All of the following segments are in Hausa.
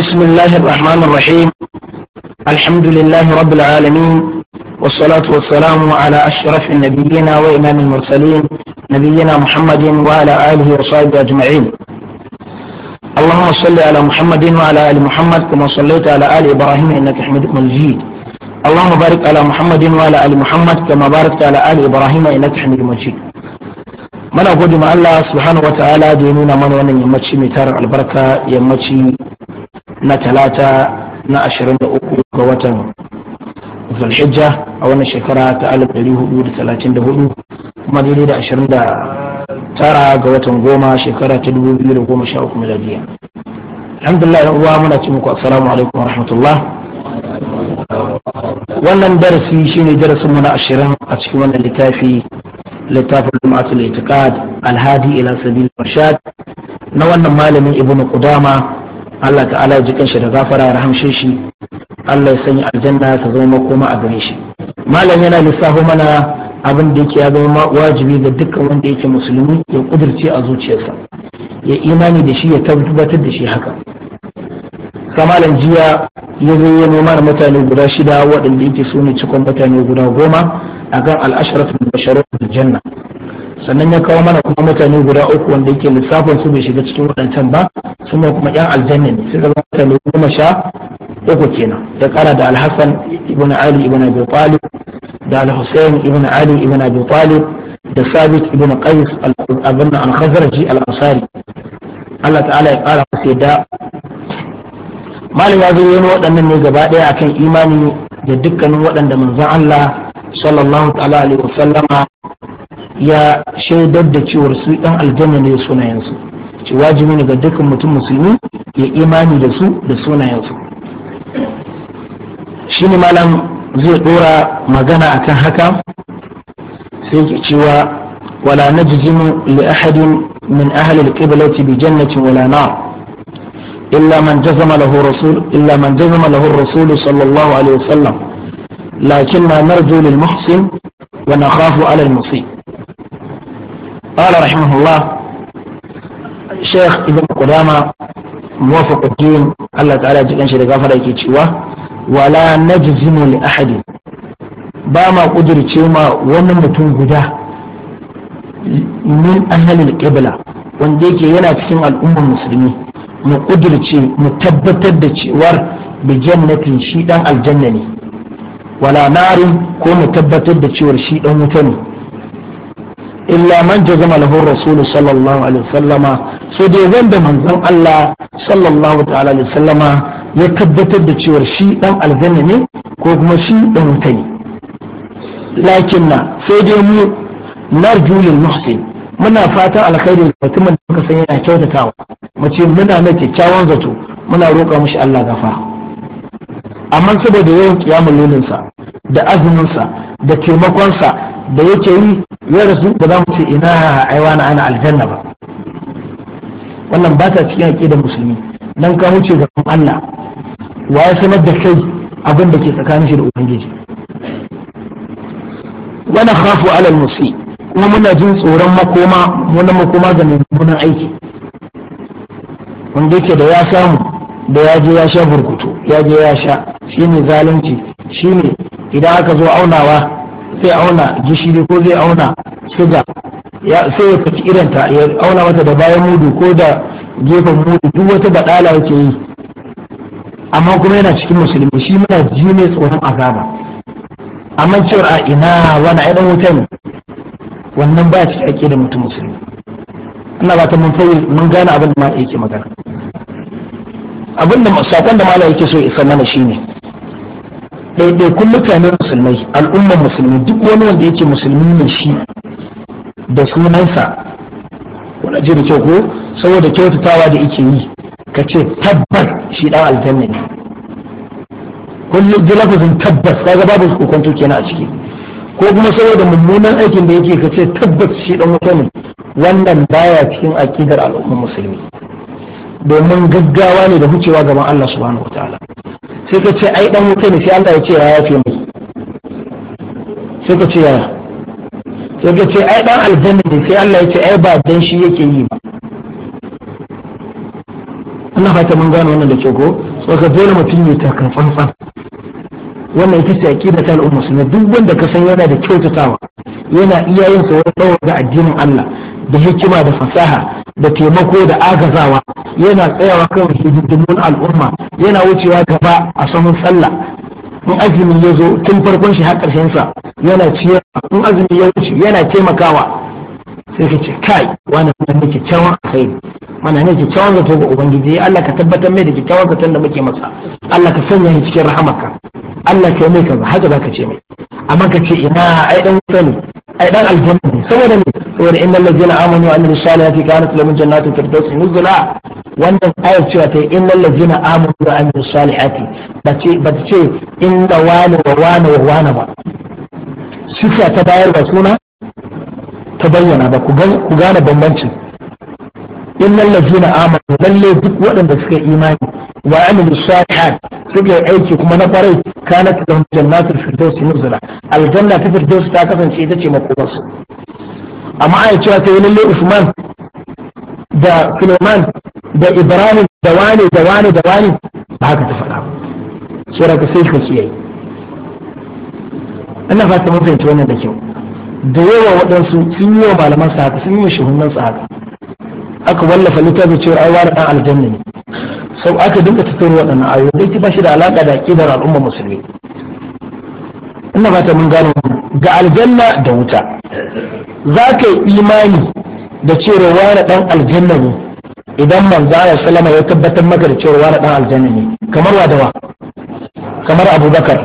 بسم الله الرحمن الرحيم الحمد لله رب العالمين والصلاة والسلام على أشرف النبيين وإمام المرسلين نبينا محمد وعلى آله وصحبه أجمعين اللهم صل على محمد وعلى آل محمد كما صليت على آل إبراهيم إنك حميد مجيد اللهم بارك على محمد وعلى آل محمد كما باركت على آل إبراهيم إنك حميد مجيد mana gode ma Allah subhanahu wa ta'ala da ya nuna mana wannan yammaci mai tarin albarka yammaci na talata na 23 ga watan zulhijja a wannan shekara ta 1434 kuma daidai da 29 ga watan goma shekara ta 2013 miladiya alhamdulillah yan uwa muna ce muku assalamu alaikum rahmatullah. wannan darasi shine darasin mu na 20 a cikin wannan littafi littafin lumatul itiqad alhadi ila sabil mashad na wannan malamin ibnu qudama Allah ta'ala ya ji kanshi da gafara ya rahamshe shi Allah ya sanya aljanna ta zama makoma a gare shi malam yana lissafo mana abin da yake ya zama wajibi ga dukkan wanda yake musulmi ya kudirce a zuciyarsa ya imani da shi ya tabbatar da shi haka kamalan jiya ya zo ya noma da mutane guda shida waɗanda yake su ne cikon mutane guda goma akan al-ashraf al da janna sannan ya kawo mana kuma mutane guda uku wanda yake lissafin su bai shiga cikin waɗancan ba sannan kuma yan aljanna ne sai zama mutane goma sha uku kenan da kara da alhassan ibn ali ibn abi talib da alhussein ibn ali ibn abi talib da sabit ibn qais abin al-khazraji al-ansari Allah ta'ala ya kara masa yadda malam ya zo yana waɗannan ne gaba ɗaya akan imani da dukkanin waɗanda manzon Allah sallallahu ta'ala alaihi wasallama ya shaidar da cewar su ɗan aljanna ne sunayensu ce wajibi ne ga dukkan mutum musulmi ya imani da su da sunayensu shi ne malam zai ɗora magana akan haka sai ke cewa wala najzimu li ahadin min ahli al bi jannatin wala nar إلا من جزم man رسول إلا من جزم له الرسول صلى الله عليه وسلم لكننا نرجو للمحسن ونخاف على المصيب قال رحمه الله الشيخ ابن قدامة Ta'ala الدين الله تعالى gafara ke غفر ولا نجزم لأحد ba ma ƙudurce ma wani mutum guda min ahalil qibla wanda yake yana cikin al'ummar musulmi mu ƙudurce mu tabbatar da cewar bi shi ɗan aljanna ne wala narin ko mu tabbatar da cewar shi ɗan wuta ne illa man zama lahu rasulu sallallahu alaihi wasallama sai dai wanda manzon Allah sallallahu ta'ala alaihi wasallama ya tabbatar da cewa shi ɗan aljanna ne ko kuma shi dan wuta ne lakinna sai dai mu narjulil muhsin muna fatan alkhairi da mutumin da muka san yana kyautatawa mu ce muna mai kyakkyawan zato muna roƙa mishi Allah gafara amma saboda yawan kiyamun lulinsa da azuminsa da taimakonsa da yake yi ya rasu ba za mu ce ina aiwa na ana aljanna ba wannan ba ta cikin aƙidar musulmi dan ka wuce ga Allah wa ya sanar da kai abin da ke tsakanin shi da ubangiji wani khafu alal musi kuma muna jin tsoron makoma muna makoma ga mummunan aiki wanda yake da ya samu da ya je ya sha burkutu ya je ya sha shine zalunci shine idan aka zo aunawa sai auna gishiri ko zai auna suga sai ya faci iranta ya auna mata da bayan mudu ko da gefen mudu duk wata badala yake yi amma kuma yana cikin musulmi shi muna ji ne tsoron azaba amma cewa a ina wani ai dan wuta ne wannan ba shi ake da mutum musulmi ina ba ta mun mun gane abin da ma yake magana abin da sakon da mala yake so ya isa mana shine ɗaiɗaikun mutanen musulmai al'ummar musulmi duk wani wanda yake musulmi ne shi da sunansa wani ji da kyau ko saboda kyautatawa da yake yi ka ce tabbas shi ɗan aljanna ne kullum ji lafazin tabbas kaga babu hukunto kenan a ciki ko kuma saboda mummunan aikin da yake ka ce tabbas shi ɗan wata ne wannan baya cikin aƙidar al'ummar musulmi domin gaggawa ne da hucewa gaban Allah subhanahu wataala sai ka ce ai dan wuta ne sai Allah ya ce ya yafe musu sai ka ce ya sai ka ce ai dan aljanna ne sai Allah ya ce ai ba dan shi yake yi ba ina fata mun gano wannan da ke ko saboda dole mutum ya kan tsantsan wannan ita ce aqida ta al'umma sunna duk wanda ka san yana da kyautatawa yana iyayen sa wani dawo ga addinin Allah da hikima da fasaha da taimako da agazawa yana tsayawa kan hidindimun al'umma yana wucewa gaba a saman sallah in azumi ya zo tun farkon shi har ƙarshen sa yana ciyar in azumi ya wuce yana taimakawa sai ka ce kai wani mana ne kyakkyawan alkhairi mana ne kyakkyawan zato ga ubangiji Allah ka tabbatar mai da kyakkyawan zaton da muke masa Allah ka sanya ni cikin rahamarka Allah ka yi mai kaza haka za ka ce mai amma ka ce ina ai dan sani ai dan aljanna ne saboda ne saboda innal ladzina amanu wa amilus salihati kanat lahum jannatul wannan ayar cewa ta innal ladzina amanu wa amilus salihati ba ce ce wani wa wani wa wani ba sifa ta bayar ba suna ta bayyana ba ku gane bambancin innal ladzina amanu lalle duk waɗanda suka imani وعمل الصالحات سجل عيتي كما نبري كانت لهم جنات الفردوس نزلة الجنة في الفردوس تاكفا سيدتي مقبص أما عيتي أتين اللي عثمان دا كلمان دا إبراهيم دواني دواني دواني بحاك تفقى سورة كسيش كسيئي أنا فاتمون فين توانا دكيو دووا ودنسو سنيو بالما ساعة سنيو شهنن ساعة aka wallafa littafin cewa ai wani dan aljanna ne sau aka dinga tattaro waɗannan ayoyi dai ba shi da alaka da aqidar al'umma musulmi ina ba ta mun gano ga aljanna da wuta za ka yi imani da cewa wani dan aljanna ne idan manzo Allah sallama ya tabbatar maka da cewa wani dan aljanna ne kamar wadawa kamar Abubakar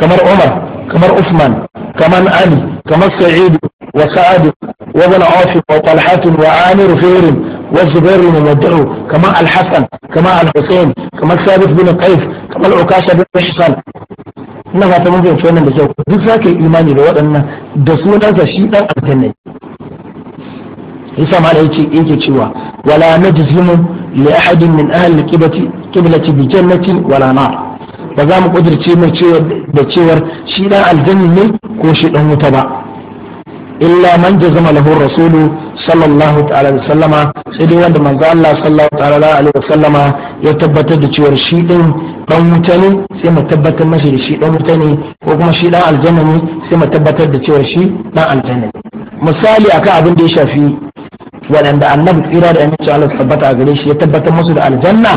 kamar Umar kamar Usman kamar Ali kamar Sa'id wa Sa'ad wa Ibn Auf wa Talhat wa Amir Firin والزبير المودع كما الحسن كما الحسين كما ثابت بن قيس كما العكاشة بن حصان ina fata mun fahimci wannan da kyau duk za ka yi imani da waɗannan da sunansa shi ɗan aljanna yasa ma da yake yake cewa wala najzimu li ahadin min ahli qiblati qiblati bi jannatin wala nar ba za mu kudirce mai cewa da cewar shi ɗan aljanna ne ko shi ɗan wuta ba illa man jazama lahu rasulu sallallahu ta'ala alaihi wasallama sai dai wanda manza Allah sallallahu ta'ala alaihi wasallama ya tabbatar da cewa shi din dan wuta ne sai mu tabbatar mashi da shi dan wuta ne ko kuma shi dan aljanna ne sai mu tabbatar da cewa shi dan aljanna ne misali akan abin da ya shafi waɗanda annabi tsira da aminci Allah tabbata a gare shi ya tabbatar musu da aljanna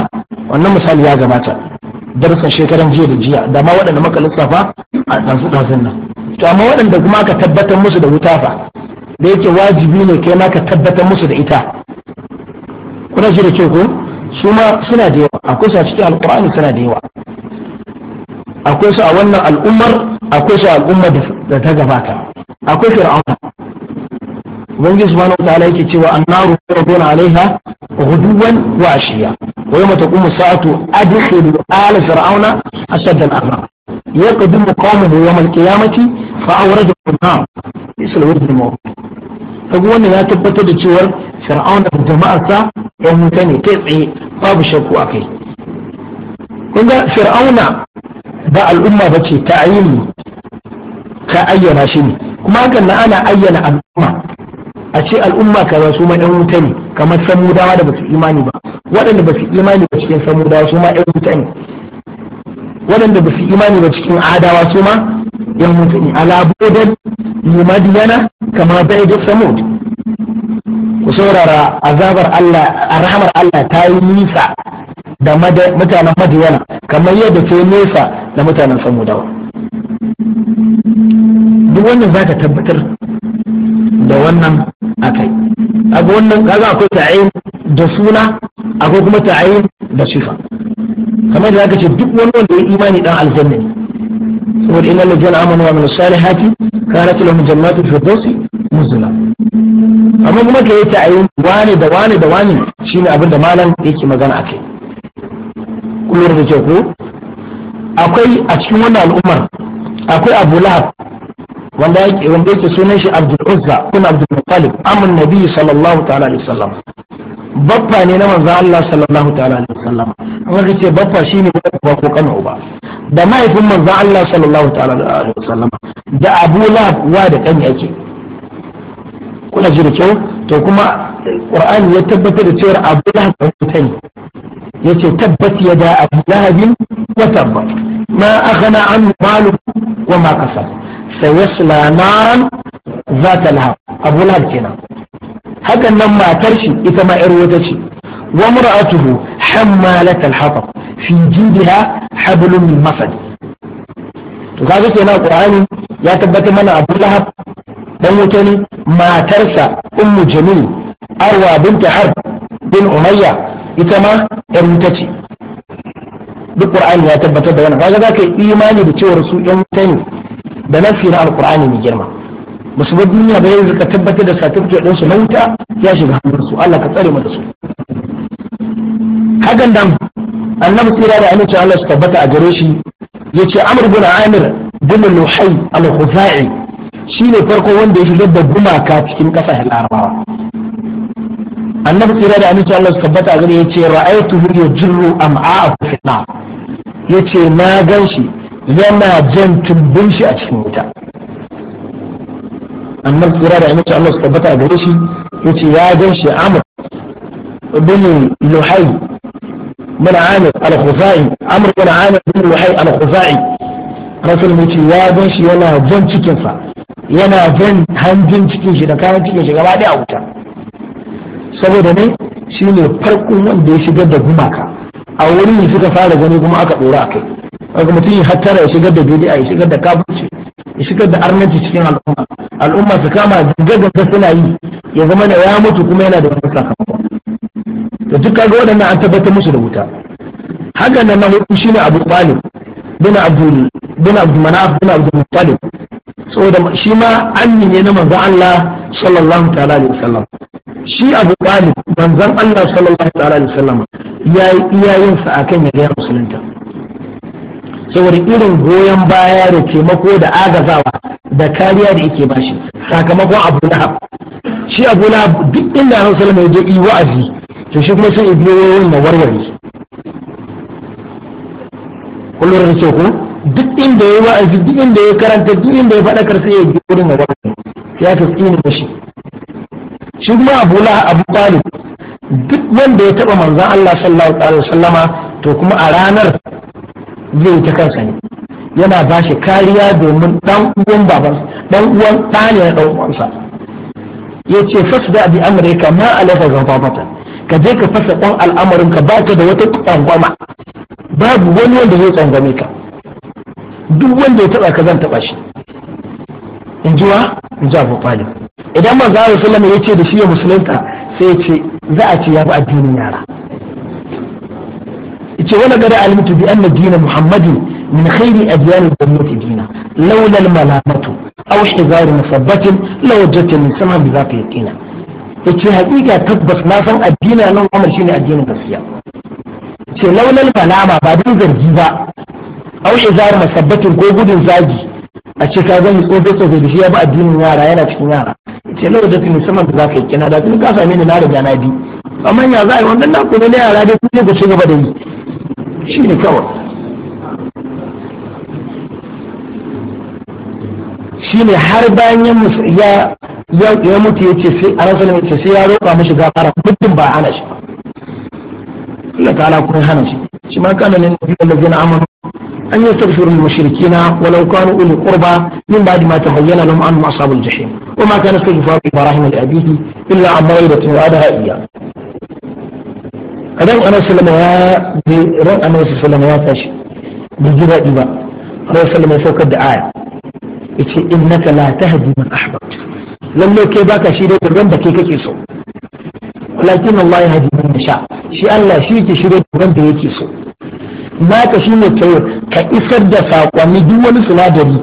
wannan misali ya gabata darsa shekaran jiya da jiya da ma waɗanda muka lissafa a tansu ɗazun nan to amma waɗanda kuma aka tabbatar musu da wuta fa da yake wajibi ne kai ma ka tabbatar musu da ita kuna shi da kyau su ma suna da yawa akwai su a cikin alƙur'ani suna da yawa akwai su a wannan al'ummar akwai su a al'ummar da ta gabata akwai fir'auna ubangiji subhanahu wa ta'ala yake cewa annaru yarduna alaiha ghuduwan wa ashiya ويوم تقوم الساعة أدخل آل فرعون أشد العذاب يقدم قومه يوم القيامة فأوردهم النار يسأل ورد الموت فقولنا لا تبتد تشور فرعون بجماعة يوم تاني تسعي باب شكو أكي كنا فرعون باع الأمة بتي تعيين كأينا شيني كما كان أنا أينا الأمة a ce al'umma kaza su ma ɗan wuta ne kamar san mudawa da basu imani ba waɗanda ba su imani ba cikin samudawa su ma ɗan wuta ne waɗanda ba su imani ba cikin adawa su ma ɗan wuta ne alabodan limadiyana kama bai da samud ku saurara azabar Allah a rahamar Allah ta yi nisa da mutanen madiyana kamar yadda ta yi nesa da mutanen samudawa duk wannan za ka tabbatar da wannan akai kaga wannan kaga akwai ta'ayin da suna akwai kuma ta'ayin da sifa kamar da zaka ce duk wani wanda ya imani dan aljanna ne saboda inna ladina amanu wa amilus salihati kanat lahum jannatu firdausi nuzula amma kuma kai ta'ayin wani da wani da wani shine abin da malam yake magana akai kullum da ke ku akwai a cikin wannan al'ummar akwai Abu Lahab wanda yake wanda yake sunan shi Abdul Uzza kun Abdul Muttalib amun Nabi sallallahu ta'ala alaihi wasallam baffa ne na manzo Allah sallallahu ta'ala alaihi wasallam an ce baffa shine ba ko kana uba da mahaifin manzo Allah sallallahu ta'ala alaihi wasallam da Abu Lahab wa da kan yake kuna ji da kyau to kuma Qur'ani ya tabbatar da cewa Abu Lahab ta ne yace ya yada Abu Lahab wa tabba ma aghna anhu maluhu wa ma kasab sayasla naran zata lahab abu lahab kenan hakan nan matar shi ita ma yar wata ce wa mar'atuhu hammalat al-hatab fi jidha hablum min masad to kaga kenan qur'ani ya tabbatar mana abu lahab dan wuta ne matarsa ummu jamil arwa bint harb bin umayya ita ma yar wuta ce duk qur'ani ya tabbatar da wannan kaga zaka yi imani da cewa su yan wuta ne da nafi na alkur'ani mai girma ba su bar duniya ba yanzu ka tabbatar da certificate ɗinsu na wuta ya shiga hannunsu Allah ka tsare mata su hakan nan annabi tsira da amince Allah su tabbata a gare shi yace Amr bin Amir bin Luhay al-Khuzai shine farko wanda ya shiga da gumaka cikin kasashen Larabawa annabi tsira da amince Allah su tabbata a gare yace ra'aytuhu yajru am'a'ahu fi nar yace na gan shi. yana jan tumbin shi a cikin wuta amma tsira da aminci Allah su tabbata a gare shi yace ya gan shi Amr ibn Luhay من عامر الخزاعي عمرو بن عامر بن لحي الخزاعي rasul mu ce ya gan shi yana jan cikinsa yana jan hanjin cikin shi da kayan cikin shi gaba a wuta saboda ne shi ne farkon wanda ya shigar da gumaka a wurin suka fara gani kuma aka ɗora a kai kaga mutum ya hattara ya shigar da bid'a ya shigar da kafirci ya shigar da arnaci cikin al'umma al'umma su kama gaggaga suna yi ya zama da ya mutu kuma yana da wani sakamako to duk kaga waɗannan an tabbatar musu da wuta haka nan na hudu shine Abu Talib bin Abdul bin Abdul Manaf bin Abdul Muttalib saboda shi ma anni ne na manzon Allah sallallahu ta'ala alaihi wasallam shi Abu Talib manzon Allah sallallahu ta'ala alaihi wasallam yayi iyayensa akan ya ga musulunta saboda irin goyon baya da taimako da agazawa da kariya da yake bashi sakamakon abu lahab shi abu lahab duk inda annabi hausa mai wasallam wa'azi to shi kuma sai ibiyo na warware kullum da ce duk inda ya wa'azi duk inda ya karanta duk inda ya faɗakar sai ya biyo wurin warware ya tsini da shi shi kuma abu na abu talib duk wanda ya taɓa manzan Allah sallallahu alaihi sallama to kuma a ranar zai ta kansa ne yana ba shi kariya domin dan uwan baban dan uwan ɗa ne na dan uwansa yace da bi amurka ma alaka gafafata ka je ka fasa dan al'amarin ka ba ka da wata tsangwama babu wani wanda zai tsangwame ka duk wanda ya taba ka zan taba shi in ji wa in ji abu talib idan manzo sallallahu alaihi wasallam yace da shi ya musulunta sai ya ce za a ce ya bi addinin yara yace wani gada alimtu bi anna dina muhammadin min khairi adyan gwamnati dunya dina laula al-malamatu aw ihzar musabbatin lawajadtani sama bi zaka yaqina yace hakika tabbas na san addina nan Umar shine addinin gaskiya ce laulal malama ba don zargi ba aw izar musabbatin ko gudun zagi a ce ka gani tsofe tsofe da shi ya bi addinin yara yana cikin yara ce lau da tuni saman da zaka yi kina da tuni ka same ni na riga na bi amma ya za a yi wannan na kuma na yara dai kuma ku ci gaba da yi shi ne kawai shi ne har bayan ya ya mutu ya ce sai a rasu ne sai ya roƙa mashi gafara muddin ba hana shi Allah ta'ala kun hana shi shi ma kana ne nabi allazina amanu an yastaghfiru lil mushrikina walau kanu uli qurba min ba'di ma tabayyana lahum annahum ashabul jahim wa ma kana istighfaru ibrahim li abihi illa an mawidatu wa'adaha iyyah ran anan sallama ya ran annabi sallama ya tashi bai ji daɗi ba annabi sallama ya saukar da aya yace innaka la tahdi man ahbabta Lallai kai baka shi da ran da kai kake so walakin Allah ya hadi man yasha shi Allah shi yake shirye da ran da yake so naka shine kai ka isar da sakonni duk wani sinadari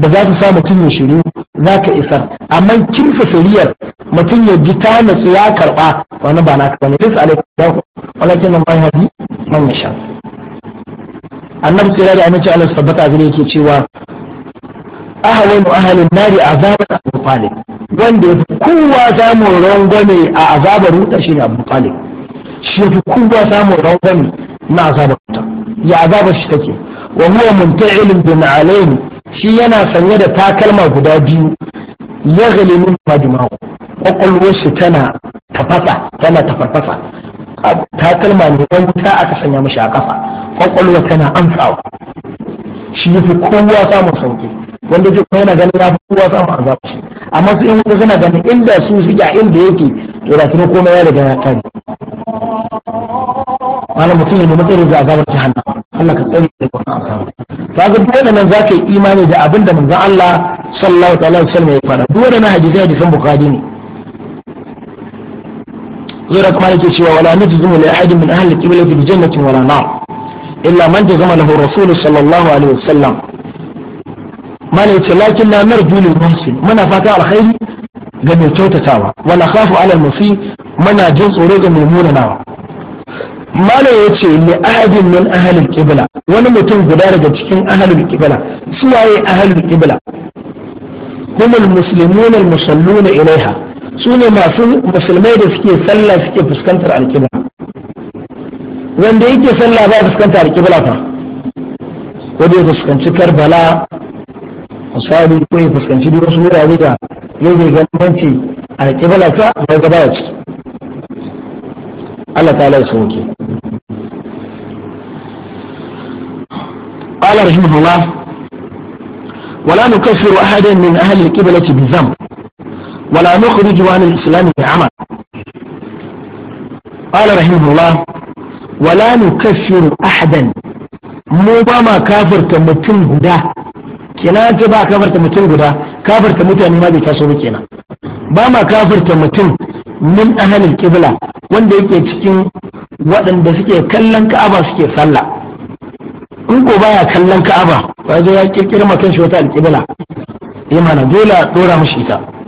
da za su sa mutum ya shiru za ka isar amma kirfa shari'ar mutum ya ji ta nutsu ya karba wani ba naka bane lis alaikum walakin man yahdi man yasha annabi sai da amince Allah tabbata gare yake cewa ahalin ahalin nari azabar abu talib wanda ya fi kowa samun rangwame a azabar wuta shi ne abu talib shi fi kowa samun rangwame na azabar wuta ya azabar shi take wa huwa munta'ilin na alaini shi yana sanye da takalma guda biyu ya gali min majma'u kwakwalwarsu tana tafasa tana tafarfasa kalma ne wanda aka sanya mashi a kafa kwakwalwa tana amsawa shi ya fi kowa samun sauki wanda duk yana ganin ya fi kowa samun azaba shi amma su in wanda suna ganin inda su suke a inda yake to da kuma komai ya riga ya kare malam mutum ne nemi tsare da azabar jahannam Allah ka tsare da wannan azaba kaga duk nan za ka yi imani da abin da manzon Allah sallallahu alaihi wasallam ya faɗa duk waɗannan hadisai hadisan bukhari ne yara kuma yake cewa wala najzumu li ahadin min ahli qiblati bi jannatin wala nar illa man jazama lahu rasul sallallahu alaihi wasallam mana yace lakin la narju lil muhsin muna fata alkhairi ga mai kyautatawa wala khafu ala al mana jin tsoro ga mai munanawa mana yace li ahadin min ahli al-qibla wani mutum guda daga cikin ahli al-qibla suwaye ahli al-qibla هم المسلمون المصلون إليها su ne masu musulmai da suke sallah suke fuskantar alkibla wanda yake sallah ba fuskantar alkibla fa wanda ya fuskanci karbala misali ko ya fuskanci duk wasu wurare da ya zai gabanci alkibla ta ba gaba ya ci Allah ta ya sauke قال رحمه الله ولا نكفر أحدا من أهل القبلة بذنب ولا نخرج عن الإسلام عمى قال رحمه الله ولا نكفر أحدا mu ba ma kafirta mutum guda kina ce ba kafirta mutum guda kafirta mutane ma bai taso muke kenan ba ma kafirta mutum min ahalin kibla wanda yake cikin waɗanda suke kallon ka'aba suke sallah in ko baya kallon ka'aba ba zai ya kirkira ma kanshi wata alƙibla imana dole a dora mashi ita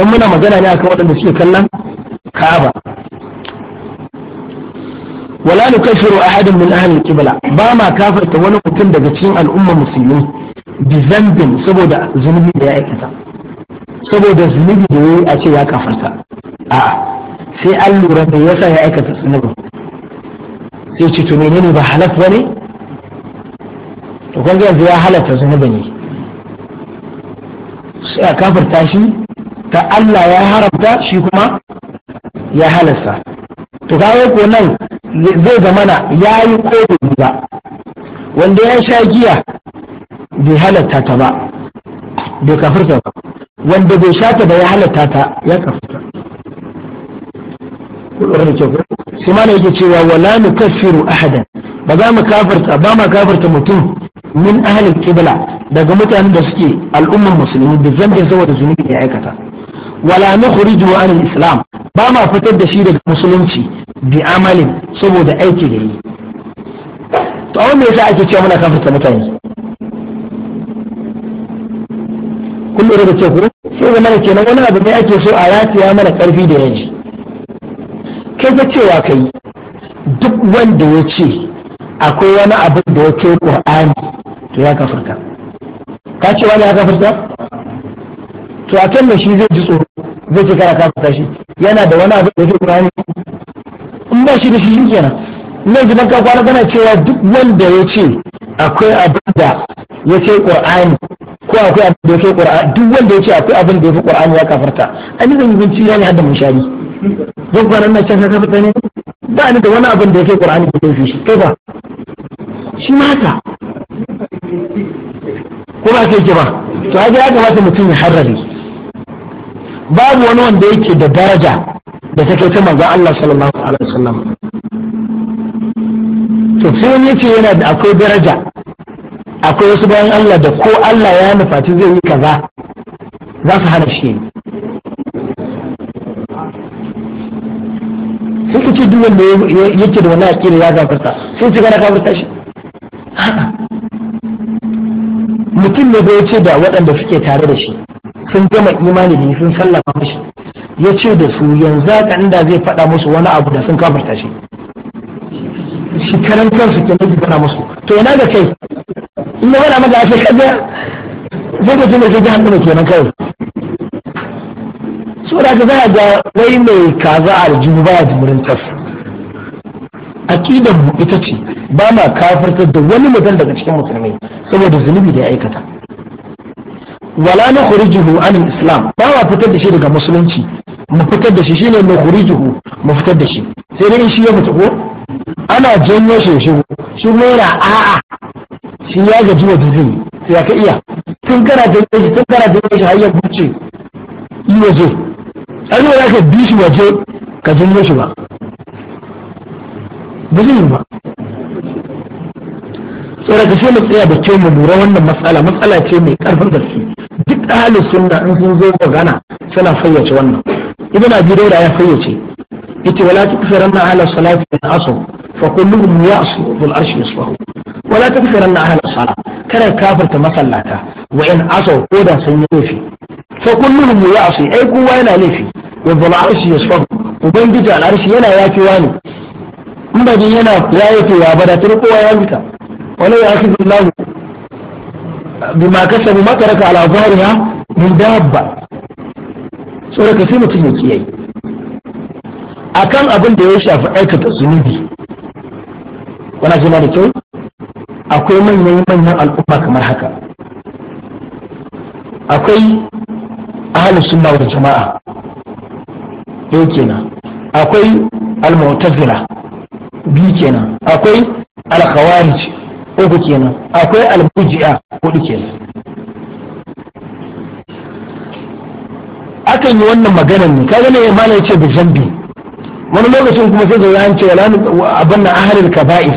don muna magana ne akan waɗanda suke kallon ka'aba wala nukashiru ahadin min ahli qibla ba ma kafarta wani mutum daga cikin al'umma musulmi bi zambin saboda zunubi da ya aikata saboda zunubi da yayi a ce ya kafarta a'a sai an lura da yasa ya aikata zunubin sai ce to menene ba halas bane to kun yanzu ya halatta zunubin ne sai a kafarta shi ta Allah ya haramta shi kuma ya halasta to kawo ko nan zai zamana ya yi ko bai ba wanda ya sha giya bai halatta ta ba bai kafirta ba wanda bai sha ta ba ya halatta ta ya kafirta sai ma yake cewa wala nu kafiru ahadan ba za mu kafirta ba ma kafirta mutum min ahalin kibla daga mutanen da suke al'ummar musulmi da zambin saboda zunubi ya aikata wala nukhrijuhu an islam ba ma fitar da shi daga musulunci bi amalin saboda aiki da yi to a me yasa ake cewa muna kafirta mutane kun lura da ce sai zama ke kenan wani abu ne ake so a ya mana karfi da yaji kai fa cewa kai duk wanda ya ce akwai wani abu da ya kai qur'ani to ya kafirta ka ce wani ya kafirta to a kan shi zai ji tsoro zai ce kara kafa shi yana da wani abu da zai ne in ba shi da shi shi kenan nan gidan ka kwana kana cewa duk wanda ya ce akwai abin da ya ce qur'ani ko akwai abin da ya ce qur'ani duk wanda ya ce akwai abin da ya fi qur'ani ya kafarta an yi zan binci ya ne hadda mun shari zan kwana nan can ka kafa ne ba ni da wani abin da ya ce qur'ani ko ya fi shi kai ba shi ma haka ko ba ke ki ba to ga ya kamata mutum ya harare babu wani wanda yake da daraja da take ta manzo Allah sallallahu alaihi wasallam to sai ne ce yana da akwai daraja akwai wasu bayan Allah da ko Allah ya nufaci zai yi kaza za su hana shi sai ka ce duk wanda yake da wani aƙida ya gafarta sai ce gana gafarta shi mutum ne da ya ce da waɗanda suke tare da shi sun gama imani da sun sallama mashi ya ce da su yanzu ka inda zai faɗa musu wani abu da sun kafarta shi shi karan kansu ke nufi fara musu to yana da kai in ya wani maka ake kaɗa zai da jini sai hannu ɗin kenan kawai so da ka zaya ga wai mai kaza a ba baya jimurin tas aƙidar mu ita ce ba ma kafarta da wani mutum daga cikin musulmai saboda zunubi da ya aikata wala na khurijuhu an islam ba wa fitar da shi daga musulunci mu fitar da shi shine mu khurijuhu mu fitar da shi sai dai shi ya mutu ko ana janyo shi shi shi mera a'a shi ya gaji wa dizin sai ya ka iya tun kana janyo shi tun kana janyo shi har ya buce yi waje an yi ka bi shi waje ka janyo shi ba ba zai ka shi mu tsaya da kyau mu lura wannan matsala matsala ce mai karfin gaske duk ahlus sunna in sun zo magana suna fayyace wannan ibn abi dawud ya fayyace yace wala tukfiranna ahla salati min asr fa kulluhum ya'su fil arshi yasbahu wala tukfiranna ahla salat kada kafirta masallata wa in asaw ko da sun yi laifi fa kulluhum ya'su ai kowa yana laifi wa bil arshi yasbahu ubangiji al arshi yana yafi wani. in ba yana yafewa ba da tun kowa ya mita wala ya'khudhu Allahu bima kasabu ma taraka ala zahriha min dabba saboda ka sai mutum ya kiyaye akan abin da ya shafi aikata zunubi wana jima da kyau akwai manyan manyan al'umma kamar haka akwai ahalus sunna wal jama'a yau kenan akwai al-mu'tazila kenan akwai al-khawarij uku kenan akwai albuji'a hudu kenan akan yi wannan maganar ne kaga ne mana yace da zambi wani lokacin kuma sai da an ce wala abin na ahlul kaba'ir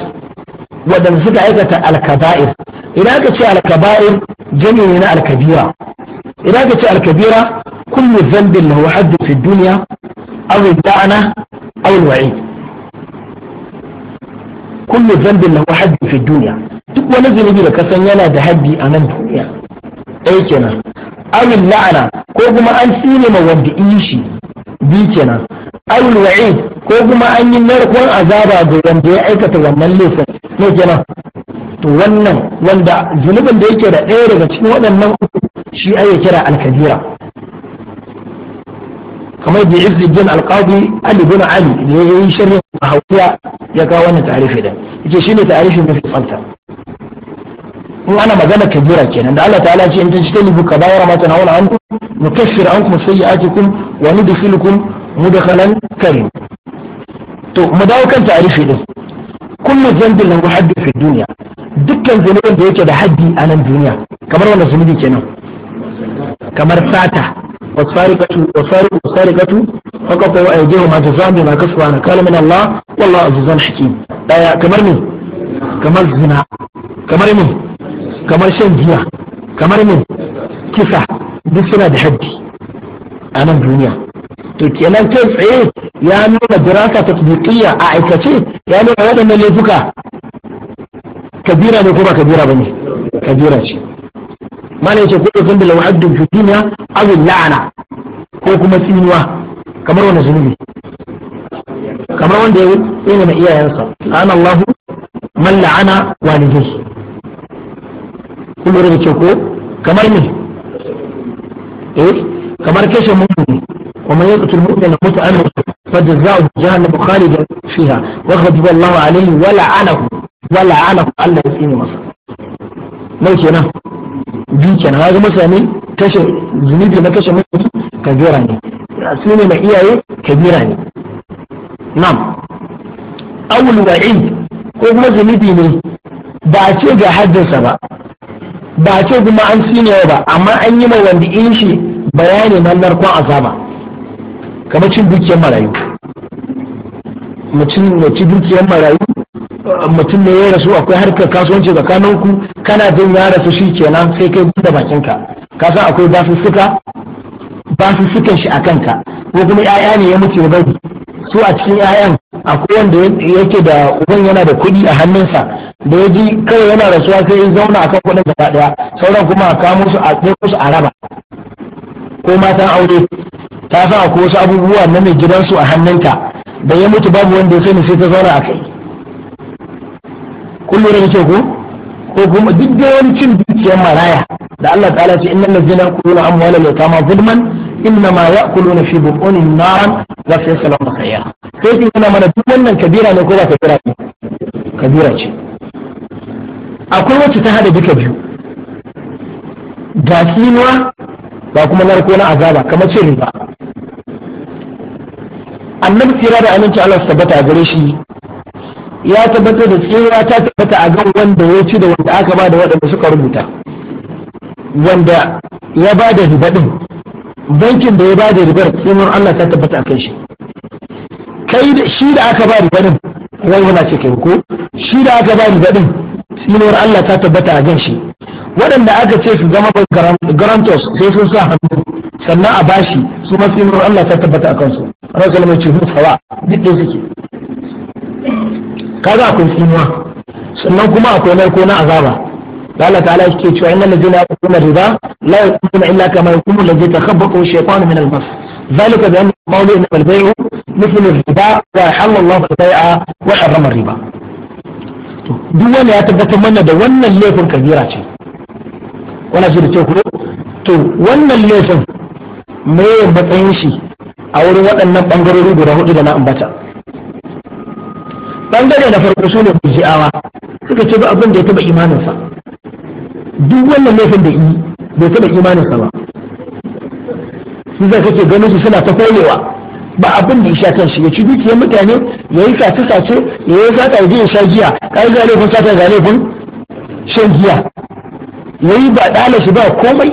wadanda suka aikata al-kaba'ir idan aka ce al-kaba'ir jami'i na al-kabira idan aka ce al-kabira kullu dhanbin lahu haddu fi dunya aw al aw al-wa'id kullu dhanbin lahu haddi fi dunya duk wani zunubi da kasan yana da haddi a nan duniya ɗaya kenan awil la'ana ko kuma an sine ma wanda in shi bi kenan awil wa'id ko kuma an yi narkon azaba ga wanda ya aikata wannan laifin ne kenan to wannan wanda zunubin da yake da ɗaya daga cikin waɗannan uku shi ake kira alkabira kamar da izzi bin alqadi ali bin ali da ya yi sharhi a hausiya ya kawo wannan tarihi da yake shine tarihi fi tsafta in ana magana kabira kenan da Allah ta'ala ce in ta cikin libu ka bayar mata na wala anku nukaffir ankum sayyi'atikum wa nudkhilukum mudkhalan karim to mu dawo kan tarihi din kullu zambin lahu haddu fi dunya dukkan zunubin da yake da haddi a nan duniya kamar wannan zunubi kenan kamar sata wasarikatu faƙafa wa aiji wa mata zami na kasuwa na kalamin Allah wallah azizan shiki daya kamar shan giya kamar ne kisa duk suna da haddi a nan duniya to kenan kai tsaye ya nuna dirasa ta a aikace ya nuna waɗannan laifuka kabira ne ko ba kabira ba malai ce kudu kun da lawa'addun fi duniya abin la'ana ko kuma tsinuwa kamar wani zunubi kamar wanda ya yi mai iyayensa la'ana Allah man la'ana walidai kullu da ko kamar ne eh kamar kashe mummuni wa man yaqtul mu'mina muta'ammidan فجزاؤه جهنم خالدا فيها وغضب الله عليه ولعنه ولعنه الله يسقيني مصر لو كنا biyu kenan haka mutane kashe zunubi na kashe mutum kabira ne su ne mai iyaye kabira ne nam awul wa'id ko kuma zunubi ne ba a ce ga haddinsa ba ba a ce kuma an sinewa ba amma an yi mai wanda in shi bayani na narkon azaba kamar cin dukiyar marayu mutum ya ci dukiyar marayu mutum ne ya rasu akwai harkar kasuwanci tsakanin ku kana jin ya rasu shi kenan sai kai buɗe bakinka ka san akwai basussuka basussukan shi a kanka ko kuma 'ya'ya ne ya mutu ya bari su a cikin 'ya'yan akwai wanda yake da uban yana da kuɗi a hannunsa da ya ji kawai yana rasuwa sai ya zauna akan kuɗin gaba daya sauran kuma a kamo su a ɗauko su a raba ko matan aure ta san akwai wasu abubuwa na mai gidansu a hannunka. da ya mutu babu wanda ya sani sai ta zauna a kai kun lura da ko ko kuma duk da wani cin dukiyar maraya da Allah ta'ala ce innal ladzina yaquluna amwala al-yatama zulman inna ma ya'kuluna fi buqunihim naran wa fi salamin khayya sai kin kana mana duk wannan kabira ne ko ba kabira ne kabira ce akwai wacce ta hada duka biyu ga kinuwa ba kuma narko na azaba kamar ce riba annabi tsira da aminci Allah su tabbata gare shi ya tabbatar da tsira ta tabbata a gan wanda ya ci da wanda aka ba da waɗanda suka rubuta wanda ya ba da riba ɗin bankin da ya ba da ribar tsinon Allah ta tabbata a kan shi kai da shi da aka ba riba ɗin wai ce kai ko shi da aka ba riba ɗin tsinon Allah ta tabbata a gan shi waɗanda aka ce su zama garantos sai sun sa hannu sannan a bashi su ma tsinon Allah ta tabbata a kansu rasulullah ce hutawa duk da suke kaga akwai tsinuwa sannan kuma akwai narko na azaba da Allah ta'ala yake cewa innal ladina yaquluna riba la yaquluna illa kama yaqulu alladhi takhabbathu shaytanu min al-mas ذلك بأن قول إن البيع مثل الربا وحل الله البيع وحرم riba. duk wanda ya tabbatar mana da wannan laifin kabira ce wannan shi da ce ku to wannan laifin me matsayin shi a wurin waɗannan ɓangarori guda hudu da na ambata bangare na farko su ne kujiyawa suka ce ba abin da ya taba imaninsa duk wannan laifin da yi bai taba imaninsa ba su zai kake ganin su suna ta koyewa ba abin da ya sha kanshi ya ci dukiyar mutane ya yi sace sace ya yi sata ya ya sha giya kai ga laifin sata ga laifin shan giya ya yi ba ɗala shi ba komai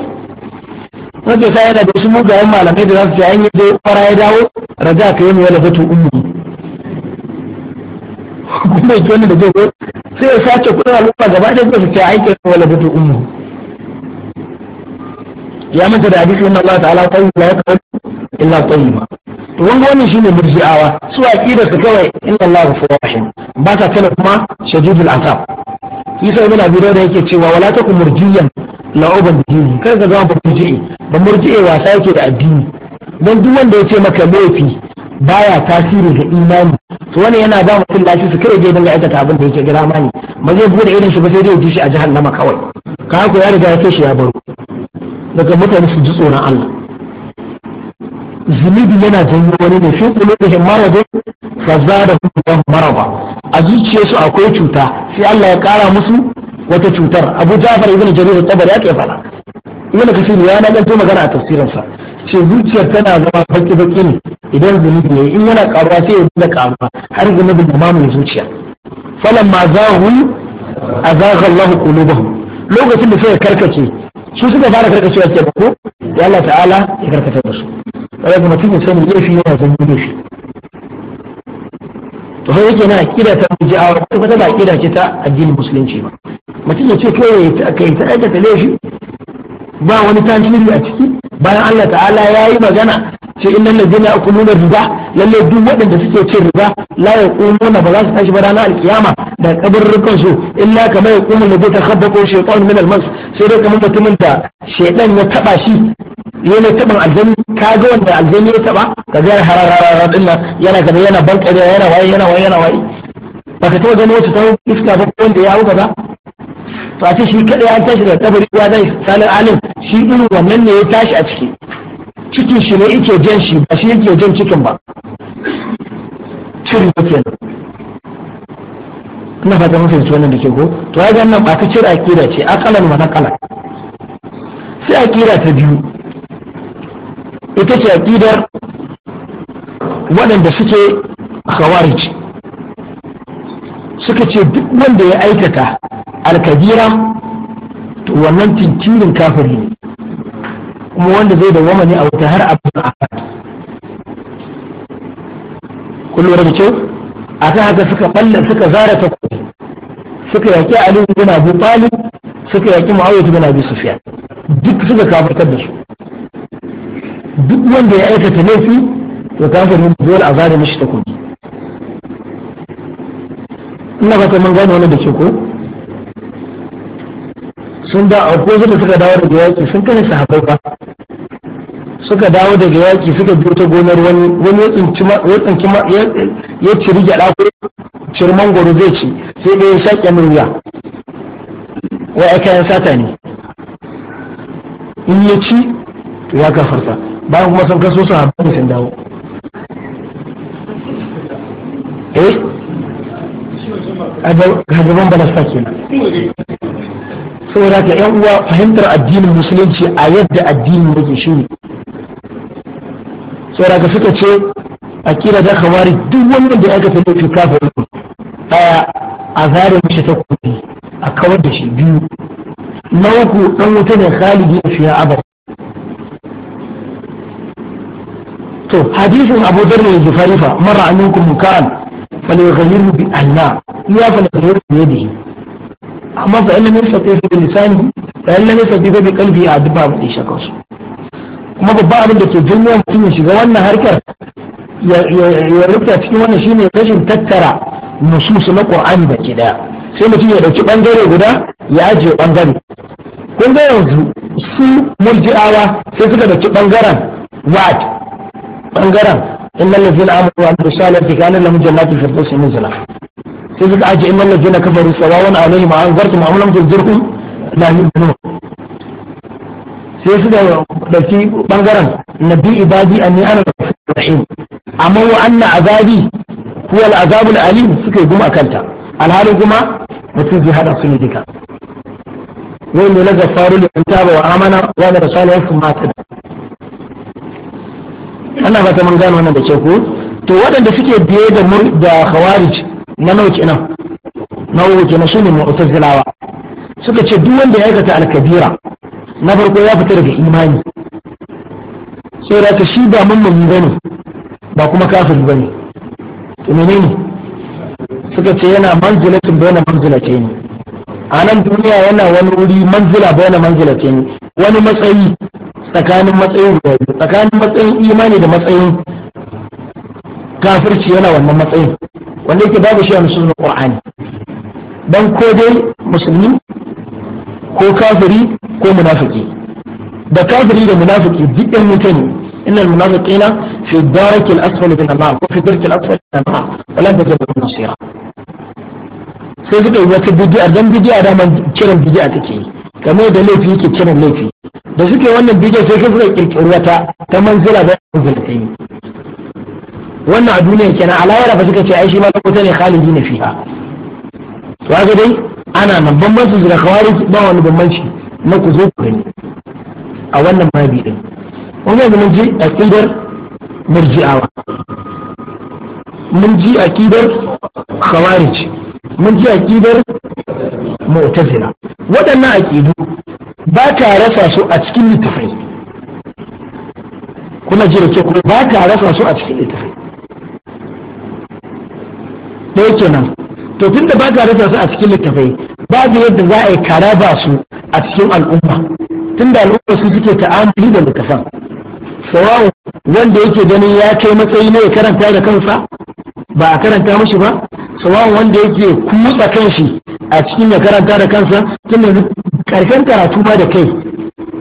wanda ya sa yana da wasu mugayen malamai da za su ce an yi zai fara ya dawo raja ka yi mu yalabatu ummu kuma yake wani da zai zo sai ya sace kudin al'umma gaba da zai fice aikin wala butu ummu ya manta da hadisi inna Allah ta'ala tayyib la yakul illa tayyiba to wanda wannan shine murji'awa su aqida su kawai inna Allah ghafurur rahim ba ta tana kuma shadidul asab Isa ibn Abi da yake cewa wala takum murjiyan la'uban dini kar ka zama murji'i ba murji'i wasa yake da addini dan duk wanda ya ce maka laifi baya tasiri ga imani to wani yana ba mutum lashi su kai je dinga aikata abin da yake gira mani ba zai bude irin shi ba sai dai ji shi a jahannama kawai ka ko ya riga ya kai shi ya baro daga mutane su ji tsoron Allah zunubi yana janyo wani ne fi kuma da himmara da fazza da kuma maraba a zuciyarsu akwai cuta sai Allah ya kara musu wata cutar Abu Ja'far ibn Jarir al-Tabari yake fara ibn Kathir ya na ganto magana a tafsirinsa ce zuciyar tana zama baki baki ne idan zunubi ne in yana karuwa sai ya dinga karuwa har zunubin da mamaye zuciya falan ma zahu azagha Allahu qulubahum lokacin da suka karkace su suka fara karkacewa ke ko ya Allah ta'ala ya karkatar da su sai kuma mutum ya sani laifi yana san laifi to sai yake na akida ta a ko kuma ta akida ce ta addinin musulunci ba mutum ya ce to ya kai ta aikata laifi ba wani tantiri a ciki bayan Allah ta'ala ya yi magana ce innan ladina yakuluna riba lalle duk waɗanda suke cin riba la yaqumuna ba za su tashi ba ranar alkiyama da kabarrukan su illa kamar yaqumu ladhi takhabbaqu shaytan min al-mas sai dai kamar mutumin da shaytan ya taba shi yana taban Ka ga wanda aljani ya taba kaga yana hararara din nan yana kaza yana bankare yana waye yana waye yana waye baka taba gani wacce ta iska ba ko wanda ya hauka ba to a ce shi kadai an tashi da tabari ya dai salin alim shi irin wannan ne ya tashi a ciki cikin shi ne yake jan shi ba shi yake jan cikin ba shirin kenan na fata mun su wannan da ke ko to ya ga nan ba ta cire akira ce akalan wa nakalan sai akira ta biyu ita ce akidar waɗanda suke hawarici suka ce duk wanda ya aikata alkabira to wannan tintirin kafiri ne kuma wanda zai da wamani a wata har abin a kun lura da kyau a kan haka suka balla suka zara ta suka yaƙi Ali bin Abu Talib suka yaƙi Muawiya bin Abi Sufyan duk suka kafirtar da su duk wanda ya aikata laifi to kafirin dole a zare mishi takobi ina ba ta mun gane wani da ke ko sun da akwai da suka dawo daga yaƙi sun kare sahabbai ba suka dawo daga yaƙi suka biyo ta gonar wani wani ya tsinci ya ciri gyaɗa ko ciri mangoro zai ci sai ɗaya ya shaƙe min wuya Wa ya kayan sata ne in ya ci ya kafarta bayan kuma sun kaso su haɓar sun dawo eh a gaban balasta ke saboda ka yan uwa fahimtar addinin musulunci a yadda addinin yake shine saboda ka suka ce a kira da kawari duk wannan da aka fi laifi kafin daya a zare mishi ta kudi a kawar da shi biyu na uku dan wuta ne khalidi fiya abad to hadisin abu darda da zufarifa mara aminkum mukaran فليغيره بالله يا فليغيره بيده أما فإن لم يستطيع بلسانه فإن لم يستطيع بقلبه أدبا بدي شكر kuma babba abin da ke janyo mutum ya shiga wannan harkar ya rubuta cikin wannan shine rashin tattara nususu na Qur'ani da ke sai mutum ya dauki bangare guda ya ajiye bangare kun ga yanzu su murji'awa sai suka dauki bangaren wa'ad bangaren إن الذين آمنوا وعملوا الصالحات كان لهم جنات الفردوس نزلا sai suka aje innal ladina kafaru sawawan alaihim anzartum am lam tunzirhum la yu'minun sai suka dauki bangaren nabi ibadi anni ana rahim amma wa anna azabi huwa al-azab alim suka guma kanta alhalin kuma mutum zai hada su ne duka wai ne na gafaru da taba wa amana wa da rasulullahi sun mata ana fata mun gano wannan da ke ko to waɗanda suke biye da da khawarij na nau kenan na uku kenan su ne mu'tazilawa suka ce duk wanda ya aikata alkabira na farko ya fita daga imani da ka shi ba mun bane ba kuma kafiri bane to menene suka ce yana manzilatin manzilatin ne a nan duniya yana wani wuri manzila manzilatin ne wani matsayi tsakanin matsayin guda biyu tsakanin matsayin imani da matsayin kafirci yana wannan matsayin wanda yake babu shi a musulmin qur'ani dan ko dai musulmi ko kafiri ko munafiki da kafiri da munafiki duk ɗan mutane إن المنافقين في الدرك الأسفل من النار وفي الدرك الأسفل من النار ولن تجد لهم نصيرا sai suka yi wata bidi'a dan bidi'a da man kiran bidi'a take yi kamar da laifi yake kiran laifi da suke wannan bidiyo sai suka kirkiri wata ta manzila da manzilatai wannan a duniya kenan a lahira fa suka ce ai shi ma lokuta ne khalidi na fiha to haka dai ana nan bambanci da kawari ba wani bambanci na ku zo ku gani a wannan babi din wani yanzu mun ji a kidar murji'awa mun ji a kidar khawarij mun ji a aqidar mu'tazila waɗannan aƙidu ba ta rasa su a cikin littafai kuna jira ke kuma ba ta rasa su a cikin littafai yake nan, to tunda da ba ta rasa su a cikin littafai babu yadda za a yi ba su a cikin al'umma tun da al'umma su suke ta'amuli da littafan sawawa wanda yake ganin ya kai matsayi ne ya karanta da kansa ba a karanta mashi ba sawan wanda yake kutsa kanshi a cikin ya karanta da kansa tun yanzu karkan karatu ba da kai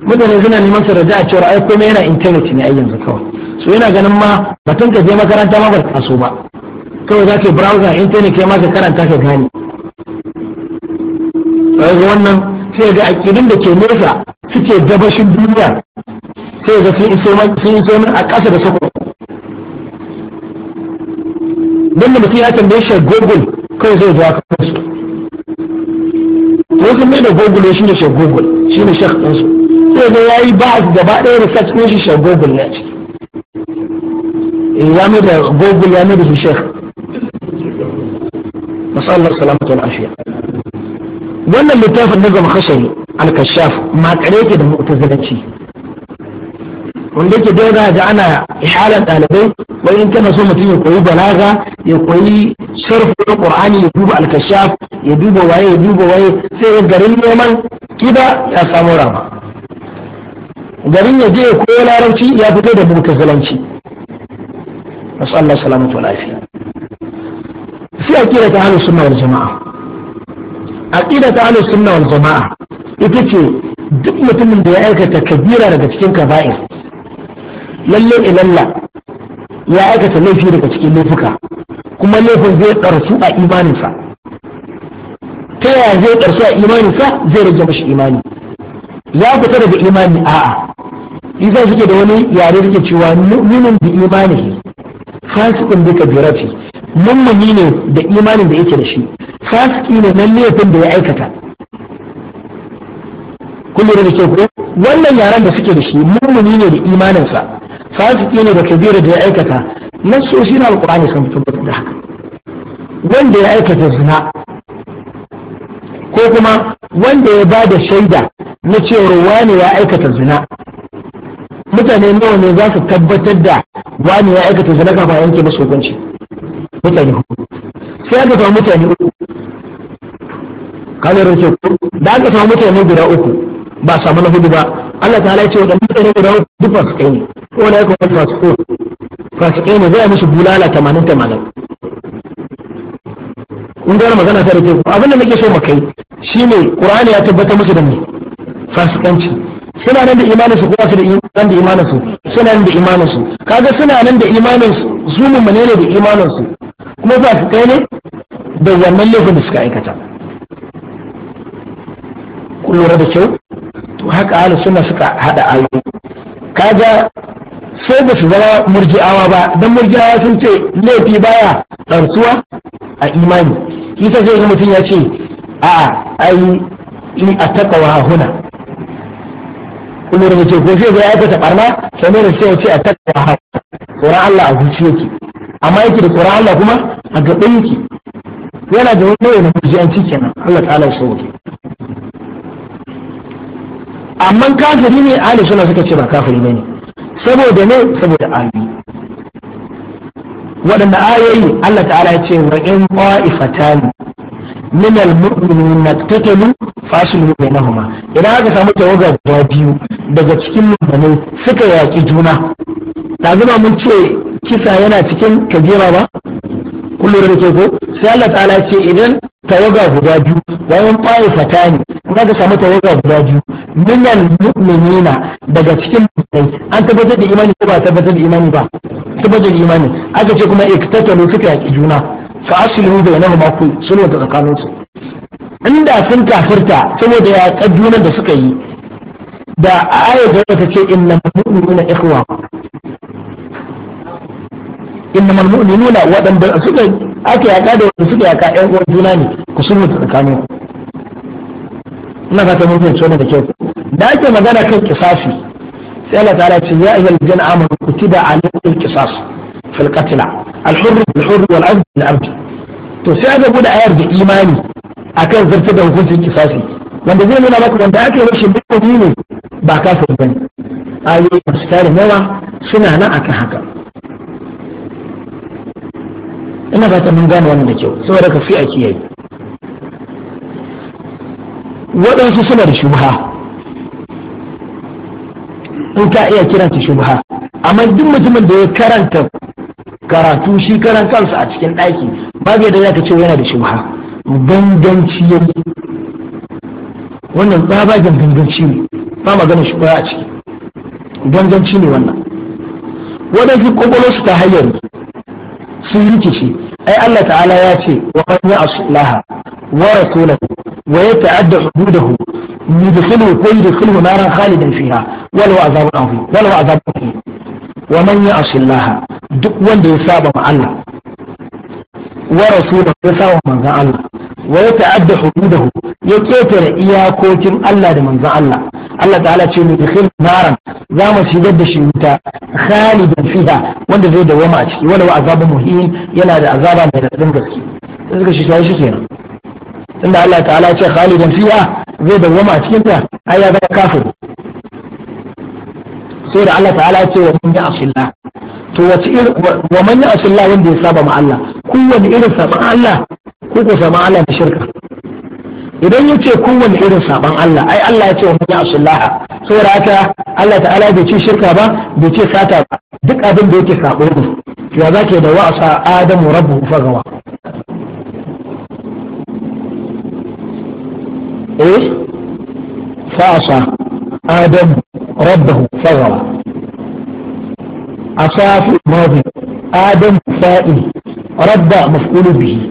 mutane suna neman su raja a cewa ai komai yana internet ne ai yanzu kawai so yana ganin ma batun ka je makaranta ma ba so ba kawai za ka browser internet kai ma ka karanta ka gane sai wannan sai ga akidin da ke nesa suke gabashin duniya sai ga sun iso a ƙasa da sako don da mutum ya tambaye shi google kai zai zuwa kansu wasu mai da google shi ne shek google shi ne shek ɗinsu sai ga ya yi ba gaba ɗaya research ɗin shi shek google ne ciki eh, ya mai da google ya mai da su shek masallar salamatu wal afiya wannan littafin na zama kashari al-kashaf ma kare ke da mu'tazilanci wanda yake da yana da ana ihalar ɗalibai wai in kana so mutum ya koyi balaga ya koyi na qur'ani ya duba alkashaf ya duba waye ya duba waye sai ya garin neman kida ya samu rama garin ya je ya koyi larabci ya fito da mutazilanci nasu Allah salamatu wa lafiya sai aqida ta ahlus sunna wal jamaa aqida ta ahlus sunna wal jamaa ita ce duk mutumin da ya aikata kabira daga cikin kaba'ir lalle ilalla ya aikata laifi daga cikin laifuka kuma laifin zai karsu a imaninsa ta yaya zai karsu a imaninsa zai rage mashi imani ya fita daga imani a'a idan suke da wani yare da cewa mu'minun bi imanihi fasikin bi kabirati mummuni ne da imanin da yake da shi fasiki ne nan laifin da ya aikata kullum da ke wannan yaren da suke da shi mummuni ne da imaninsa fasiki ne da kabira da ya aikata nasoshi na alkur'ani sun tabbatar da haka wanda ya aikata zina ko kuma wanda ya ba da shaida na cewar wani ya aikata zina mutane nawa ne za su tabbatar da wani ya aikata zina kafa yanke masu hukunci mutane hudu sai aka samu mutane uku kanar rake da aka samu mutane guda uku ba samu na hudu ba Allah ta halarci waɗanda mutane guda uku duk ba su kai ne ko na yakun fasiko fasikai ne zai mishi bulala tamanin tamanin kun gara magana ta rike abin da nake so mu kai shine qur'ani ya tabbata musu da mu fasikanci suna nan da imanin su kuma su da nan da imanin su suna nan da imanin su kaga suna nan da imanin su su mu ne da imanin su kuma fasikai ne da wannan laifin da suka aikata kun lura da kyau to haka ahli suna suka hada ayoyi kaga sai ba su zama murji'awa ba don murji'awa sun ce laifi baya ɗarsuwa a imani isa sai mutum ya ce a ai in a takawa huna kuma da ce ko sai ya aikata barna sannan da sai ya ce a takawa huna tsoron Allah a zuci yake amma yake da ƙura Allah kuma a gaban yake yana da wani da murji'anci kenan Allah ta'ala ya sauke amma kafiri ne ahli suna suka ce ba kafiri ne saboda ne saboda ayoyi waɗanda ayoyi Allah ta'ala ya ce wa in qa'ifatan min al-mu'minin naqtatalu fashilu bainahuma idan aka samu tawaga guda biyu daga cikin mummunai suka yaki juna ta zama mun ce kisa yana cikin kajera ba kullum da ke ko sai Allah ta'ala ya ce idan tawaga guda biyu wayan fayi fatani kuma ka samu tawaga guda biyu minan mu'minina daga cikin mu'minai an tabbatar da imani ko ba tabbatar da imani ba tabbatar da imani aka ce kuma iktatalu suka yaki juna fa aslihu bainahuma ku sulhu ta tsakanin su inda sun kafirta saboda ya juna da suka yi da ayat da ta ce innal mu'minuna ikhwa innamal mu'minuna waɗanda suka aka yaka da wanda suka yaka ƴan uwan juna ne ku sulhu tsakanin ina fata mun fahimci wannan da kyau da ake magana kan kisasi sai Allah ta'ala ce ya ayyuhal ladina amanu kutiba alaykum qisas fil qatl al hurr bil hurr wal 'abd bil 'abd to sai aka gudu ayar da imani akan zartar da hukuncin kisasi wanda zai nuna maka wanda aka yi rashin dukkan ne ba kafin bane ayoyi masu tare yawa suna nan akan haka ina ta mun gane wannan da kyau saboda ka fi a kiyaye waɗansu suna da shubha in ka iya kiranta shubha amma duk mutumin da ya karanta karatu shi karan kansu a cikin ɗaki ba bai za ka ce yana da shubha ganganci ya wannan tsabagen ganganci ne ba magana shubha a ciki ganganci ne wannan waɗansu ƙwaƙwalwarsu ta hanyar sun rikici ai Allah ta'ala ya ce wa man ya'sullaha wa rasulahu wa yata'adda hududahu yudkhiluhu ko yudkhiluhu naran khalidan fiha walau azabun azim walau azabun azim wa man ya'sullaha duk wanda ya saba ma Allah wa rasulahu ya sawa manzon Allah wa ya ta'adda hududahu ya ketare iyakokin Allah da manzon Allah Allah ta'ala ce mu dakhil naran za mu shigar da shi wuta khalidan fiha wanda zai dawama a ciki wala wa azabu muhin yana da azaba mai radadin gaske sai suka shiga shi kenan tunda Allah ta'ala ce khalidan zai a cikin ya kafir sai da Allah ta'ala ce wa mun ya to wace irin wa man ya'si Allah wanda ya saba ma Allah kowanne irin saban Allah ko ko saban Allah da shirka idan ya ce kowanne irin saban Allah ai Allah ya ce wa man ya'si Allah saboda haka Allah ta'ala bai ce shirka ba bai ce sata ba duk abin da yake sabo ne ya zake da wa'asa adamu rabbuhu fagawa eh fa'asa adamu rabbahu fagawa a madi adam fa'il radda maf'ulu bihi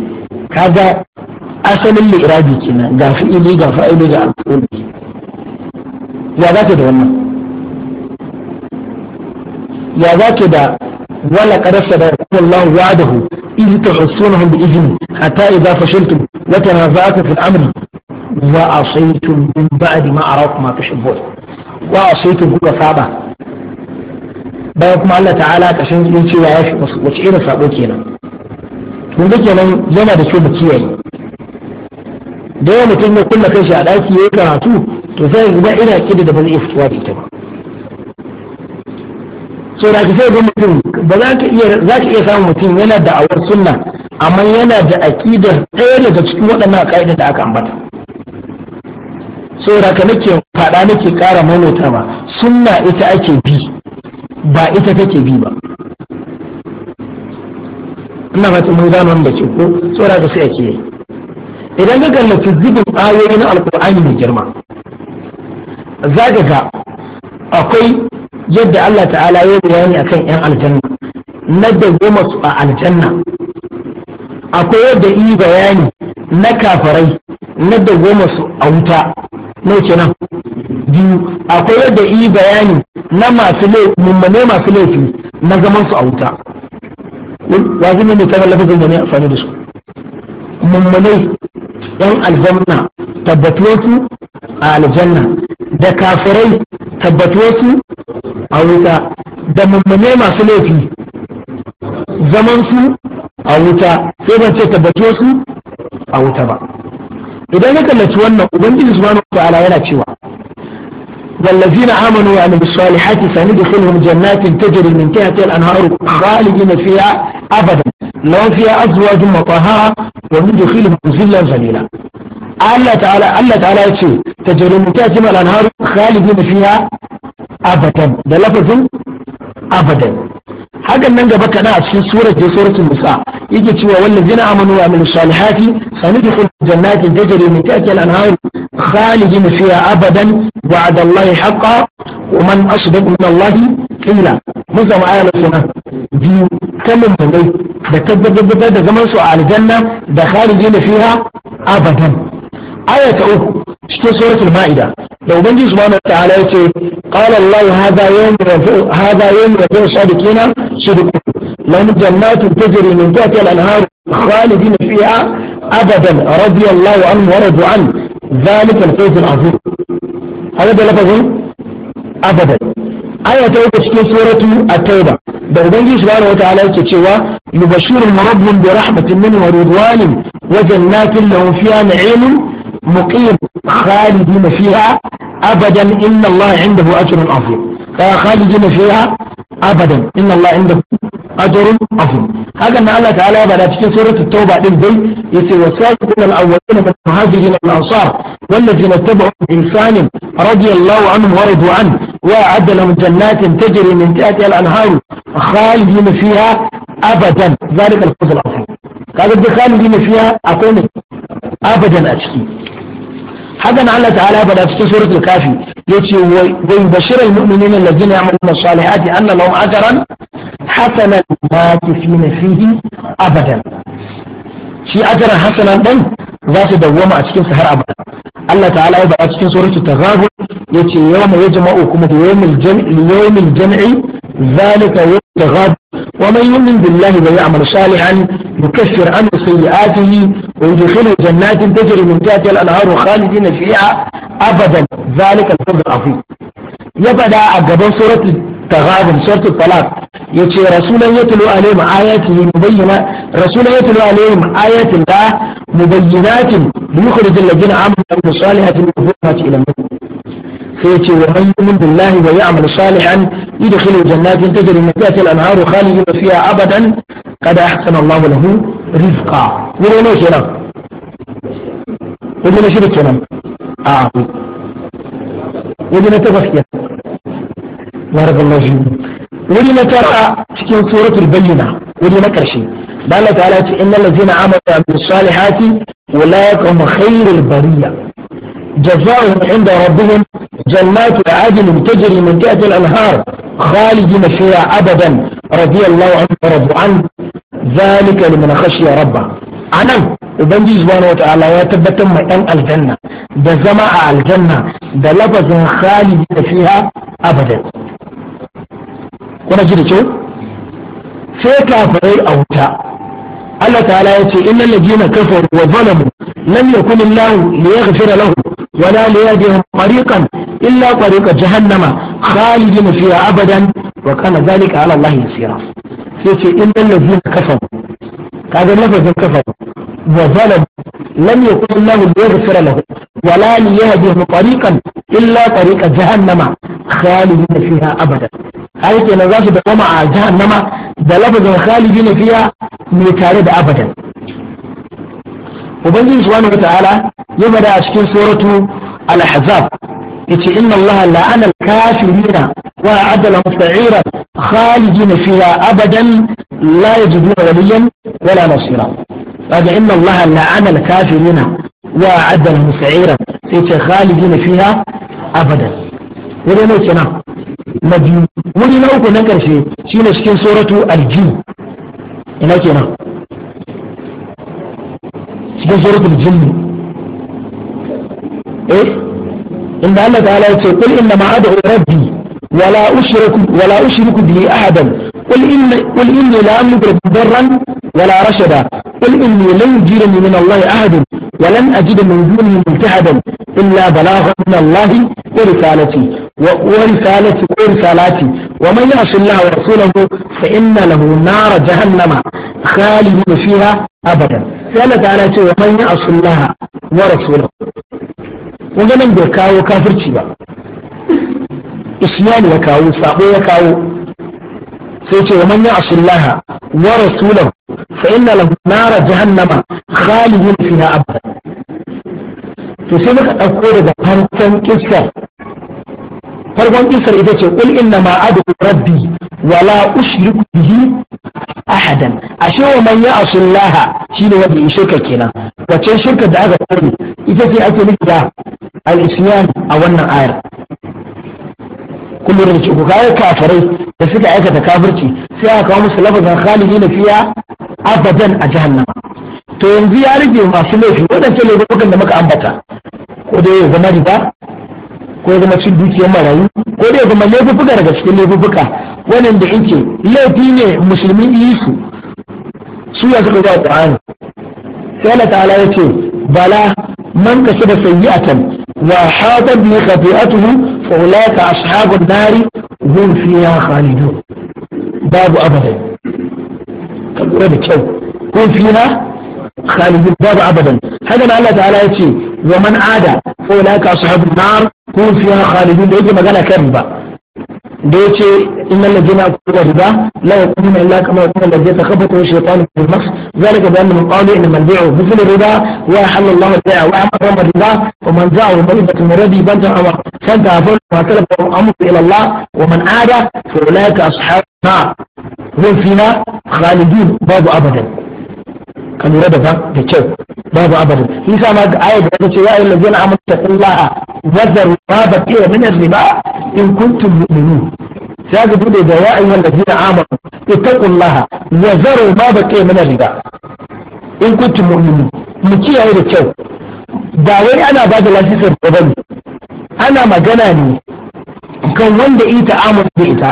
kaga asalin li'irabi kenan ga fi'ili ga fa'ili ga maf'ulu bihi ya zaka da wannan ya zaka da wala qarasa da Allah إذ تحصونهم بإذنه حتى إذا فشلتم وتنازعتم في الأمر وعصيتم من بعد ما أراكم ما تحبون وعصيتم كل صعبة bayan kuma Allah ta'ala kashin yin cewa ya wace irin sabo kenan kun ga nan, yana da kyau mu kiyaye da yawa mutum ya kulla kanshi a ɗaki ya yi karatu to sai ga ina kida da ba zai iya fitowa da ita ba so da sai ga mutum ba za ka iya za ka iya samun mutum yana da awar sunna amma yana da aqidar ɗaya daga cikin waɗannan ka'ida da aka ambata so da ka nake faɗa nake ƙara maimaitawa sunna ita ake bi ba ita take bi ba ina fata mun gano da ce ko tsora ga sai ake idan ka kallaci zubin ayoyi na alkur'ani mai girma za ka ga akwai yadda Allah ta'ala ya bayani akan yan aljanna na da goma su a aljanna akwai yadda yi bayani na kafarai na da goma su a wuta mai kenan biyu akwai yadda yi bayani na masu laifi mummune masu laifi na zaman su a wuta wajibi ne ta lafazin mummune a fani da su mummune yan aljanna tabbatuwar su a aljanna da kafirai tabbatuwar su a wuta da mummune masu laifi zaman su a wuta sai ban ce tabbatuwar su a wuta ba idan ka kallaci wannan ubangiji subhanahu wa ta'ala yana cewa wallazina amanu wa amilus salihati sanudkhulhum jannatin tajri min tahtiha al-anhar khalidina fiha abadan lahum fiha azwajun mutahhara wa nudkhilhum zillan zalila Allah ta'ala Allah ta'ala yace tajri min tahtiha al-anhar khalidina fiha abadan da lafazin abadan hakan nan gaba kana a cikin surar da suratul nisa yake cewa wallazina amanu wa amilus salihati sanadkhul jannati tajri min tahtiha al-anhar khalidin fiha abadan wa'ada Allah haqqan wa man asdaq min Allah qila mun zama ayar sunan biyu kamun mai da tabbatar da zaman su a aljanna da khalidin fiha abadan aya ta uku cikin suratul ma'ida da ubangiji subhanahu wa ta'ala yace qala Allah hadha yawm hadha yawm rabbul sadiqina صدق لهم جنات تجري من تحت الانهار خالدين فيها ابدا رضي الله عنه ورضوا عنه ذلك الفوز العظيم هذا ده ابدا ايه توبه في سوره التوبه ده ربنا سبحانه وتعالى يتشوى يبشر المرب برحمه منه ورضوان وجنات لهم فيها نعيم مقيم خالدين فيها ابدا ان الله عنده اجر عظيم خالدين فيها abada inna Allah inda ajrun afu hakan nan Allah ta'ala ya bada cikin suratul tauba din dai yace wa sabiqul awwalina min muhajirin wal ansar walladhina tabi'u insanin radiyallahu anhu wa radu an wa a'adda lahum jannatin tajri min tahtiha al anhar khalidin fiha abadan zalika al fawz al azim kaga dukkan din fiha akwai ne abadan a ciki haka na Allah ta'ala faɗa cikin suratul kafi yace wa yubashirul mu'minina alladhina ya'maluna as-salihati anna lahum ajran hasanan makifina fihi abadan shi ajran hasanan din za su dawwama a cikin har abada Allah ta'ala ya faɗa cikin suratul taghabun yace yawma yajma'ukum fi yawmil jam'i yawmil jam'i zalika yawmul taghabun wa man yu'min billahi wa ya'mal salihan يكفر عنه سيئاته ويدخله جنات تجري من تحتها الأنهار خالدين فيها أبدا ذلك الفضل العظيم ya faɗa a gaban suratul taghabun suratul talaq yace rasulun yatlu alaihim ayati mubayyana rasulun yatlu alaihim ayati la mubayyinatin yukhrijul ladina amanu wa salihati min dhulumati ila nur sai yace wa man yu'min billahi wa ya'mal salihan yadkhulu jannatin tajri min tahtiha al-anharu khalidin fiha abadan qad ahsana Allahu lahu rizqa wurin ne kenan wurin ne kenan a'a wajen ta gaskiya barakallahu shi wuri na tara cikin suratul bayyina wuri na karshe da Allah ta'ala ce innal ladzina amanu wa amilus salihati ulaika hum khairul bariya جزاؤهم عند ربهم جنات عدن تجري من تحت الانهار خالدين فيها ابدا رضي الله عنه ورضوا عنه ذلك لمن خشي ربه anan ubangiji subhanahu wataala ya tabbatar ma 'yan aljanna da zama a aljanna da lafazin khalidi da fiha abadan kuna ji da kyau sai kafirai a wuta Allah ta'ala ya ce innal ladina kafaru wa zalamu lam yakun Allah liyaghfira lahum ولا ليهديهم طريقا إلا طريق جهنم خالدين فيها أبدا وكان ذلك على الله يسيرا سيتي إن الذين كفروا هذا لفظ كفروا وظلموا لم يكن الله ليغفر له ولا ليهديهم طريقا إلا طريق جهنم خالدين فيها أبدا هذا كان الراشد ومع جهنم ده لفظ خالدين فيها ميتارد أبدا وبنجي سبحانه وتعالى يبدا اشكي سورة الأحزاب يتي إن الله لعن الكافرين وأعد لهم سعيرا خالدين فيها أبدا لا يجدون وليا ولا نصيرا kaga inna allaha la'ana al-kafirina wa a'adda lahum sa'ira sai ce khalidina fiha abadan wuri ne kenan na biyu wuri na uku na karshe shine cikin suratu al-jin ina kenan cikin suratul jinn eh inda Allah ta'ala ya ce kul inna ma rabbi ولا أشرك ولا أشرك به أحدا قل إن قل إني لا أملك ضرا ولا رشدا قل إني لن يجيرني من الله أحد ولن أجد من دونه ملتحدا إلا بلاغا من الله ورسالتي ورسالتي ورسالاتي ومن يعص الله ورسوله فإن له نار جهنم خالد فيها أبدا قال تعالى ومن يعص الله ورسوله ومن بكاء وكافر شبا isyan ya kawo sabo ya kawo sai ce wa man ya'sillaha wa rasulahu fa inna lahu nara jahannama khalidun fiha abadan to sai muka ɗauko daga farkon ƙisar farkon kissar ita ce qul inna ma adu rabbi wala ushriku bihi ahadan ashe wa man ya'sillaha shine wanda ya shirka kenan wacce shirka da aka kore ita ce ake nufi da al-isyan a wannan ayar kullum da ce ku kaga kafirai da suka aikata kafirci sai aka kawo musu lafazin khalidi na fiya abadan a jahannama to yanzu ya rage masu laifi waɗancan laifukan da muka ambata ko dai ya zama riba ko ya zama cin dukiyar marayu ko dai ya zama laifuka daga cikin laifuka wannan da yake laifi ne musulmi yi su su ya suka zuwa ƙwa'ani sai Allah ta'ala ya ce bala man kashe da sayyi'atan وحاط به خطيئتهم فأولئك أصحاب النار هم فيها خالدون باب أبدا تقول بكو هم فيها خالدون باب أبدا هذا ما الله تعالى يتي ومن عاد فأولئك أصحاب النار هم فيها خالدون يجي مقالة كذبة da ya ce inna lajina kuma riba la yaquluna illa kama yaqulu alladhi takhabbathu shaytanu fil mas zalika bi annahum qalu inna al-bay'u mithl riba wa halalla Allahu al-bay'a wa harrama riba wa man za'a mawdatu muradi banta aw fanta fa talaba amru ila Allah wa man ada fa ulaika ashabuna hum fina khalidun babu abadan kan ba da kyau babu abadin shi sa ma ga ayat da ce ya ayyuhal ladina amanu taqullaha wa zaru ma baqiya min ar-riba in kuntum mu'minin sai ga dole da ya ayyuhal ladina amanu taqullaha wa zaru ma baqiya min ar-riba in kuntum mu'minin mu kiyaye da kyau ba wai ana ba da lafisar da bane ana magana ne kan wanda ita amanu da ita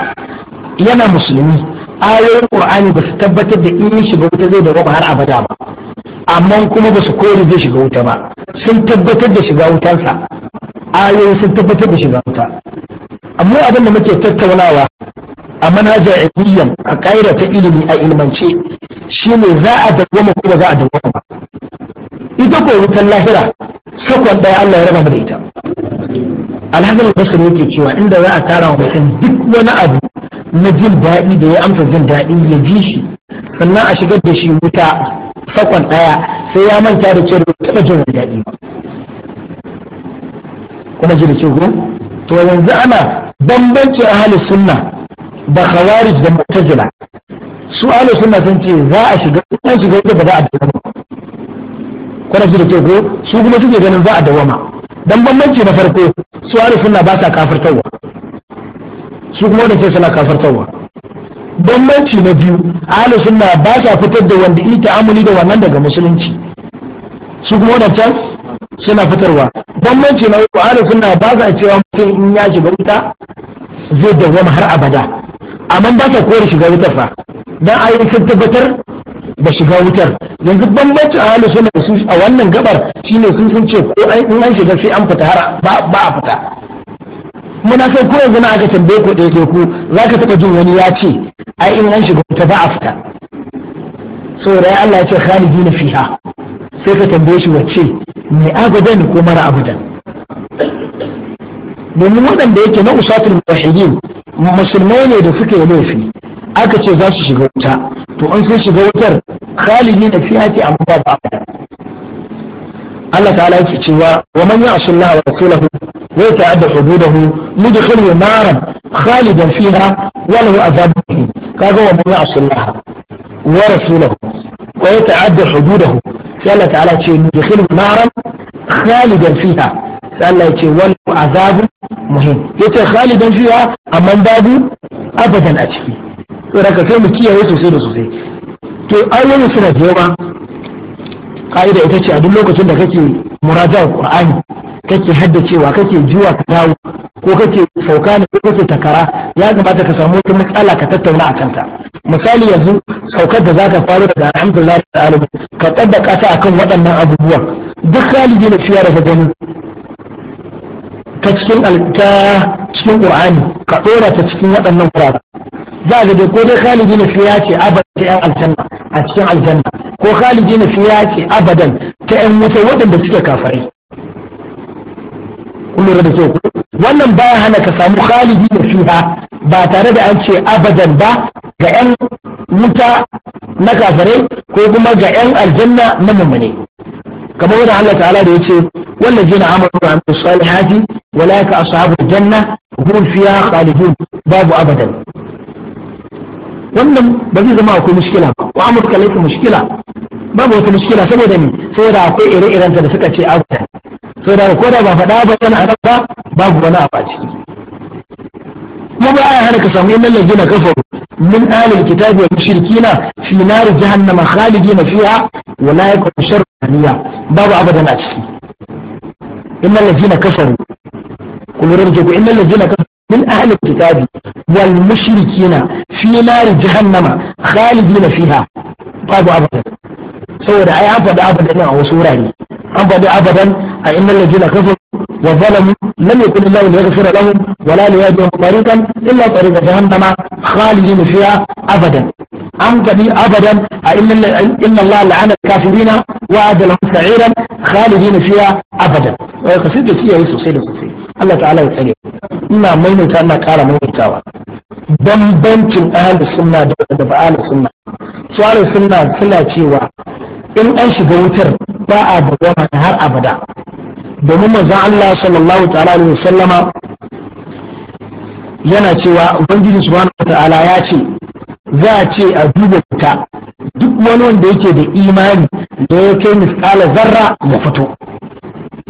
yana musulmi ayoyin qur'ani ba su tabbatar da in shiga wuta zai da har abada ba amma kuma ba su kore zai shiga wuta ba sun tabbatar da shiga wutansa ayoyi sun tabbatar da shiga wuta amma abin da muke tattaunawa a manhajar ilmiyan a ƙaira ta ilimi a ilmance shine za a dawwama ko ba za a dawwama ba ita ko wutan lahira sakon ɗaya Allah ya raba mu da ita alhazin basir yake cewa inda za a tara wa mutum duk wani abu na jin daɗi da ya amsa jin daɗi ya ji shi sannan a shigar da shi wuta sakon ɗaya sai ya manta da cewa taɓa jin wani daɗi ba kuma ji da ce to yanzu ana bambanci ahalus sunna da khawarij da mu'tazila su ahalus sunna sun ce za a shiga an shiga da ba za a dawama kuma ji da ce su kuma suke ganin za a dawama dan bambanci na farko su ahalus sunna ba sa kafirtawa su kuma wanda ce suna kafirtawa bambanci na biyu ahlus suna ba sa fitar da wanda yi ta'amuli da wannan daga musulunci su kuma can suna fitarwa bambanci na uku ahlus suna ba sa cewa mutum in ya shiga wuta zai dawwama har abada amma ba sa kore shiga wutar fa dan ayi sun tabbatar da shiga wutar yanzu bambancin ahlus sunna a wannan gabar shine sun sun ce ko in an shiga sai an fita har ba a fita muna sai ko yanzu na aka tambaye ko ɗaya ku za ka taɓa jin wani ya ce ai in an shiga ta ba a fita saboda ya Allah ya ce khalidi na fiha sai ka tambaye shi wacce mai abadan ko mara abadan domin waɗanda yake na usatul muwahhidin musulmai ne da suke laifi aka ce za su shiga wuta to an sai shiga wutar khalidi na fiha ce amma ba Allah ta'ala yake cewa wa man ya'sullaha wa rasulahu ويتعدى حدوده ندخله نارا خالدا فيها وله عذاب kaga wa mun asullaha wa rasulahu wa yata'adda hududahu sai Allah ta'ala ce yudkhilu naran khalidan fiha sai Allah ce wal azabu muhim yace khalidan fiha amma babu abadan a ciki to daga sai mu kiyaye sosai da sosai to ayoyin suna da yawa ka'ida ita ce a duk lokacin da kake muraja ƙur'ani kake haddacewa kake juwa ka dawo ko kake sauka ne ko kake takara ya kamata ka samu wata matsala ka tattauna a kanta misali yanzu saukar da zaka faru daga alhamdulillah da alamu ka tsaddaka ta akan waɗannan abubuwan duk galibi na fiye da gani ta cikin ta cikin qur'ani ka dora ta cikin waɗannan kurare za ga dai ko dai khalidi na fiya ce abadan ta yan aljanna a cikin aljanna ko khalidi na fiya ce abadan ta yan wuta waɗanda suke kafirai kullum da kyau wannan baya hana ka samu khalidi da fiha ba tare da an ce abadan ba ga yan wuta na kafirai ko kuma ga yan aljanna na mummune kamar wanda Allah ta'ala da yace wallazina amanu wa amilus salihati walaika ashabul janna hum fiha khalidun babu abadan wannan ba zai zama akwai mushkila ba wa amurka laifin mushkila babu wata mushkila saboda ni sai da akwai ire-iren da suka ce abuja sai da ko da ba faɗa ba yana a babu wani a kuma ba a hana ka samu yin lallaji na kafaru min alil kitabi wa mushrikina fi nar jahannama khalidina fiha wa la yakun sharru aniya babu abada na ciki in lallaji na kafaru kullurin jiko in lallaji na kafaru من أهل الكتاب والمشركين في نار جهنم خالدين فيها قالوا أبدا saboda ai an faɗi abadan a wasu wurare an faɗi abadan a innal ladina kafin wa zalamu lam yakun lahu yaghfira lahum wa la yahdihim tariqan illa tariqa jahannama khalidin fiha abadan an faɗi abadan a inna Allah la'ana kafirina wa adalahum sa'iran khalidin fiha abadan wa kasidu kiyaye sosai da sosai Allah ta'ala ya tsare ina maimaita ina ƙara maimaitawa bambancin ahal sunna da da ba'al sunna su ahal sunna suna cewa in an shiga wutar ba a dawama har abada domin manzon Allah sallallahu ta'ala alaihi wasallama yana cewa ubangiji subhanahu ta'ala ya ce za a ce a duba wuta duk wani wanda yake da imani da ya kai misqala zarra ya fito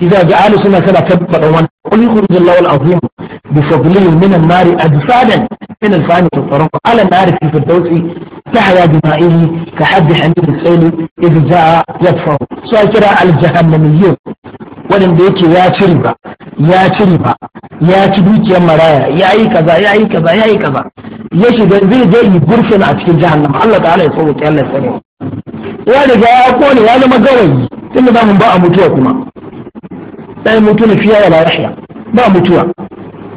إذا جعلوا سنة كذا كبر ومن قل يخرج الله العظيم بفضله من النار أجسادا من الفاني في الطرق على النار في الفردوس تحيا دمائه كحد حميد السيل إذ جاء يدفع ساكرا الجهنميون ولن بيك يا تربا يا تربا يا تبيك يا مرايا يا أي كذا يا أي كذا يا أي كذا يشي زي زي غرفة أتكي جهنم الله تعالى يصوت الله يسلم ya riga ya kone ya zama gawayi tunda za mu ba a mutuwa kuma sai mutu na fiya wa lafiya ba mutuwa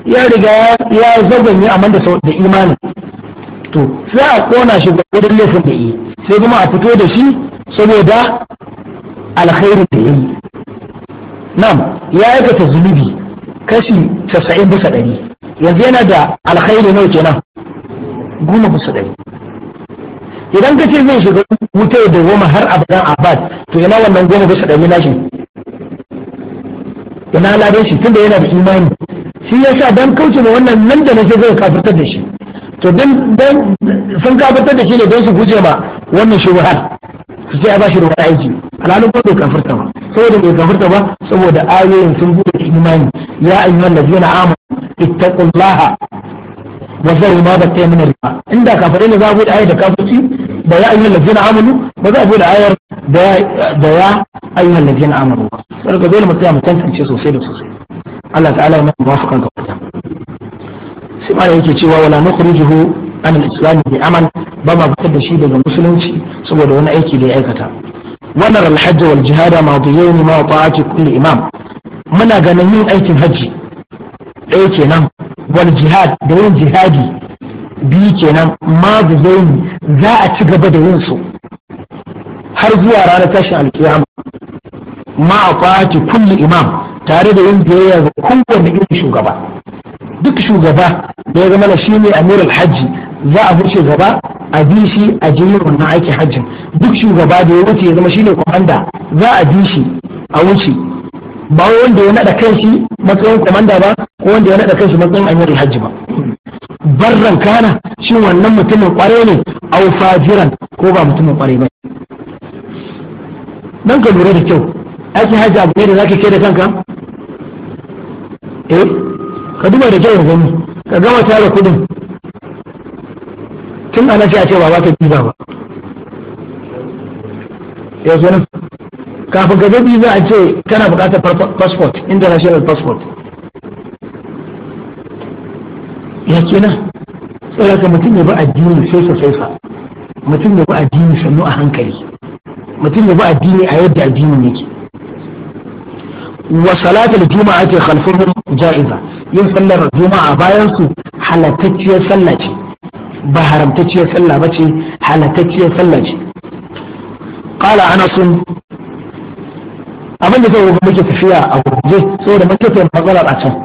ya riga ya zagon ya amman da da imani to sai a kona shi gudun laifin da yi sai kuma a fito da shi saboda alkhairin da ya yi nam ya aikata zunubi kashi 90 bisa ɗari yanzu yana da alkhairi nawa kenan goma bisa ɗari idan ka ce zai shiga wutar da goma har abadan abad to yana wannan goma bisa ɗari na shi ina ladan shi tunda yana da imani shi sa dan kauce ma wannan nan da nake zai kafirtar da shi to dan dan sun kafirtar da shi ne don su guje ma wannan shubhar su ce ya ba shi ruwan aiki alhalin ba bai kafirta ba saboda bai kafirta ba saboda ayoyin sun bude imani ya ayyuhan ladina amanu ittaqullaha wa zaru ma batta min riba inda kafare ne za a bude ayar da kafirci da ya ayyuhan ladina amanu ba za a bude ayar da ya ayyuhan ladina amanu ba saboda dole mu tsaya mu tantance sosai da sosai Allah ta'ala ya maka muwafakan ka kuta sai ma yake cewa wala nukhrijuhu an al-islam bi amal ba ma fitar da shi daga musulunci saboda wani aiki da ya aikata wannan al-hajj wal jihad ma diyayn ma kulli imam muna ganin yin aikin hajji ɗaya kenan wal jihad da yin jihadi biyu kenan ma diyayn za a ci gaba da yin su har zuwa ranar tashin alkiyama ma fati kulli imam tare da yin biyayya ga kowanne irin shugaba duk shugaba da ya zama na shi ne amirul hajji za a wuce gaba a bi shi a je wannan aikin hajjin duk shugaba da ya wuce ya zama shi ne kwamanda za a bi shi a wuce ba wanda ya naɗa kan shi matsayin kwamanda ba ko wanda ya naɗa kai shi matsayin amirul hajji ba barran kana shi wannan mutumin kware ne au fajiran ko ba mutumin kware ba dan ka lura da kyau aikin hajji abu ne da zaki ke da kanka eh ka duba da kyau gani ka gama tara kudin tun ana ce a ce ba ba ka biza ba ya zo nan kafin ka ga biza a ce kana buƙatar passport international passport ya nan tsaya ka mutum ya bi addini sai sa sai sa mutum ya bi addini sannu a hankali mutum ya bi addini a yadda addini yake wa juma'a ce khalfuhum ja'iza yin sallar juma'a bayan su halatacciyar sallah ce ba haramtacciyar sallah ba ce halatacciyar sallah ce qala anas abin da zai rubu muke tafiya a gurguje saboda mun tafiya matsalar a can